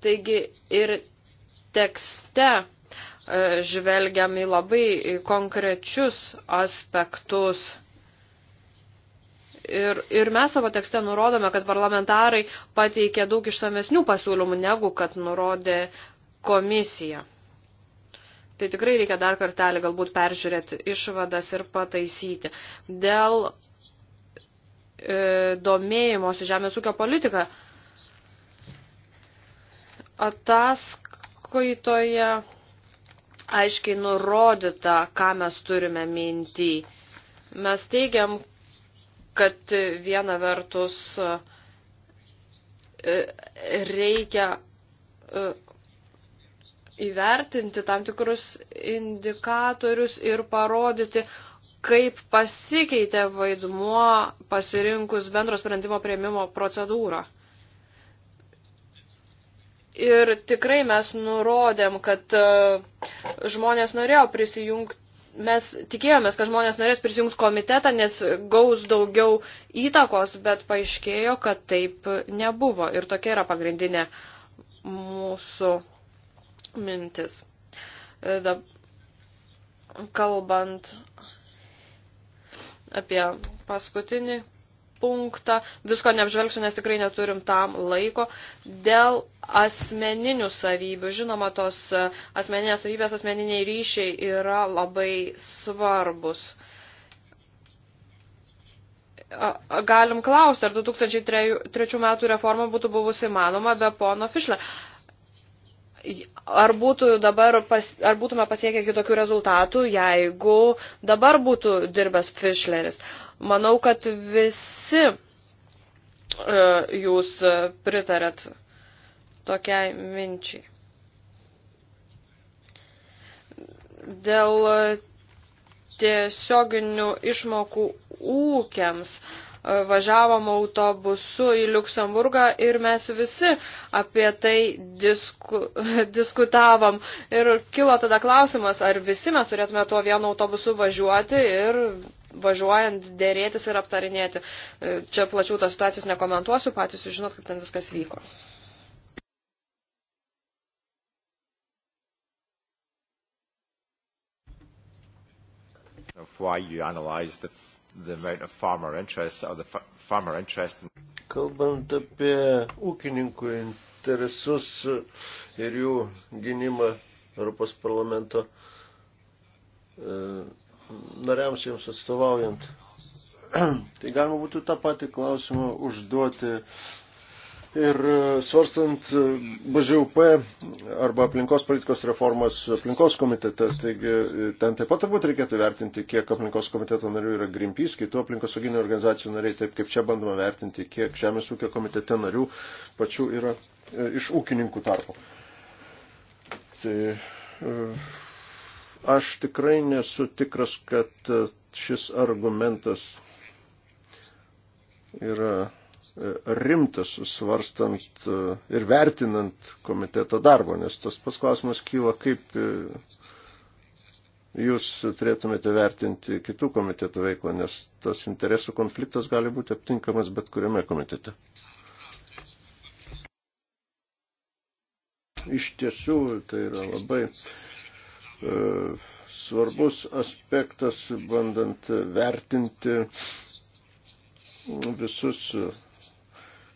Taigi ir tekste e, žvelgiam į labai konkrečius aspektus. Ir, ir mes savo tekste nurodome, kad parlamentarai pateikė daug išsamesnių pasiūlymų negu kad nurodė komisija. Tai tikrai reikia dar kartelį galbūt peržiūrėti išvadas ir pataisyti. Dėl e, domėjimosi žemės ūkio politika ataskaitoje aiškiai nurodyta, ką mes turime mintį. Mes teigiam, kad viena vertus e, reikia e, įvertinti tam tikrus indikatorius ir parodyti, kaip pasikeitė vaidmuo pasirinkus bendro sprendimo prieimimo procedūrą. Ir tikrai mes nurodėm, kad e, žmonės norėjo prisijungti, mes tikėjomės, kad žmonės norės prisijungti komitetą, nes gaus daugiau įtakos, bet paaiškėjo, kad taip nebuvo. Ir tokia yra pagrindinė mūsų mintis. E, kalbant apie paskutinį punktą, visko neapžvelgsiu, nes tikrai neturim tam laiko, dėl asmeninių savybių. Žinoma, tos e, asmeninės savybės, asmeniniai ryšiai yra labai svarbus galim klausti, ar 2003 metų reforma būtų buvusi įmanoma be pono Fišle ar, būtų dabar pas, ar būtume pasiekę kitokių rezultatų, jeigu dabar būtų dirbęs Fischleris. Manau, kad visi e, jūs pritarėt tokiai minčiai. Dėl tiesioginių išmokų ūkiams. E, važiavom autobusu į Luksemburgą ir mes visi apie tai disku, diskutavom. Ir kilo tada klausimas, ar visi mes turėtume tuo vienu autobusu važiuoti ir važiuojant dėrėtis ir aptarinėti. Čia plačiau tos situacijos nekomentuosiu, patys jūs žinot, kaip ten viskas vyko. of why you analyzed the the amount of farmer interest or the farmer interest. In Kalbant apie ūkininkų interesus ir jų gynimą Europos parlamento e, nariams jiems atstovaujant. tai galima būtų tą patį klausimą užduoti Ir e, svarstant e, BŽUP arba aplinkos politikos reformas aplinkos komitete, taigi e, ten taip pat turbūt reikėtų vertinti, kiek aplinkos komiteto narių yra Grimpys, kitų aplinkosauginių organizacijų nariai, taip kaip čia bandoma vertinti, kiek Žemės ūkio komitete narių pačių yra iš ūkininkų tarpo. Tai aš tikrai nesu tikras, kad šis argumentas yra rimtas svarstant e, ir vertinant komiteto darbą, nes tas pas klausimas kyla, kaip e, jūs turėtumėte vertinti kitų komitetų veiklą, nes tas interesų konfliktas gali būti aptinkamas bet kuriame komitete. Iš tiesų, tai yra labai e, svarbus aspektas, bandant vertinti visus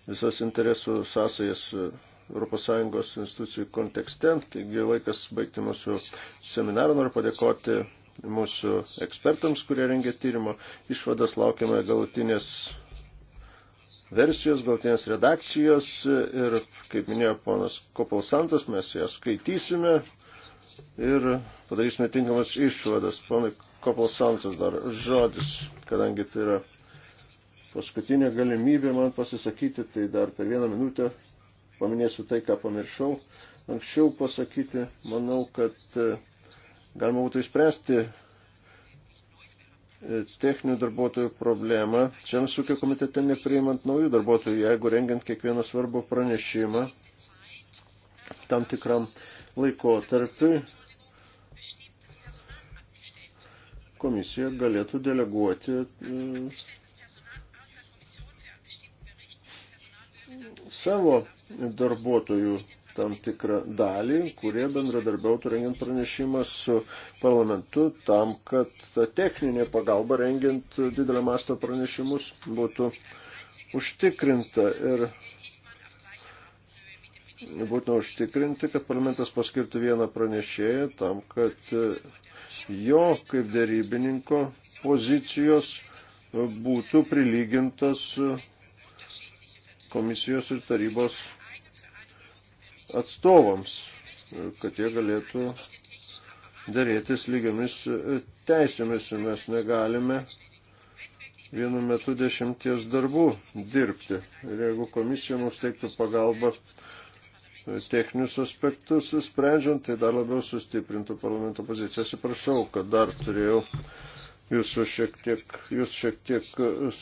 visas interesų sąsajas e, ES institucijų kontekste. Taigi laikas baigti mūsų seminarą. Noriu padėkoti mūsų ekspertams, kurie rengė tyrimo išvadas. Laukiame galutinės versijos, galtinės redakcijos ir, kaip minėjo ponas Kopalsantas, mes ją skaitysime ir padarysime tinkamas išvadas. Ponai Kopalsantas dar žodis, kadangi tai yra paskutinė galimybė man pasisakyti, tai dar per vieną minutę paminėsiu tai, ką pamiršau. Anksčiau pasakyti, manau, kad e, galima būtų išspręsti e, techninių darbuotojų problemą. Čia sūkio komitete nepriimant naujų darbuotojų, jeigu rengiant kiekvieną svarbų pranešimą tam tikram laikotarpiui komisija galėtų deleguoti e, savo darbuotojų tam tikrą dalį, kurie bendradarbiautų rengiant pranešimą su parlamentu tam, kad ta techninė pagalba rengiant didelio masto pranešimus būtų užtikrinta ir būtina užtikrinti, kad parlamentas paskirtų vieną pranešėją tam, kad jo kaip dėrybininko pozicijos būtų prilygintas komisijos ir tarybos atstovams, kad jie galėtų dėrėtis lygiamis e, teisėmis ir mes negalime vienu metu dešimties darbų dirbti. Ir jeigu komisija mums teiktų pagalbą e, techninius aspektus sprendžiant, tai dar labiau sustiprintų parlamento poziciją. Atsiprašau, kad dar turėjau jūsų šiek tiek, jūs šiek tiek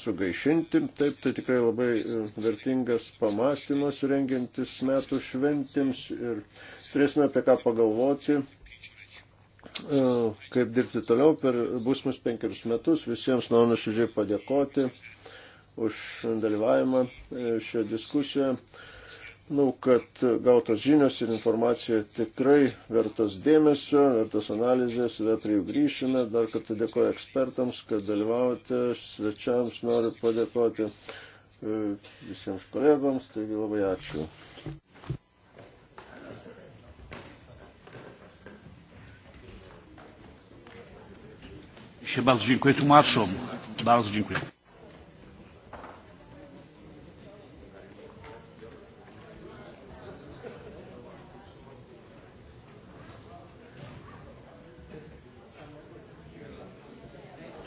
sugaišinti. Taip, tai tikrai labai e, vertingas pamastymas rengiantis metų šventėms ir turėsime apie ką pagalvoti, e, kaip dirbti toliau per būsimus penkerius metus. Visiems noriu nuoširdžiai padėkoti už dalyvavimą e, šioje diskusijoje. Manau, kad gautos žinios ir informacija tikrai vertas dėmesio, vertas analizės, tada prie jų grįšime. Dar kartą dėkoju ekspertams, kad dalyvaujate, svečiams noriu padėkoti e, visiems kolegoms, taigi labai ačiū. Bardzo dziękuję tłumaczom. Bardzo dziękuję.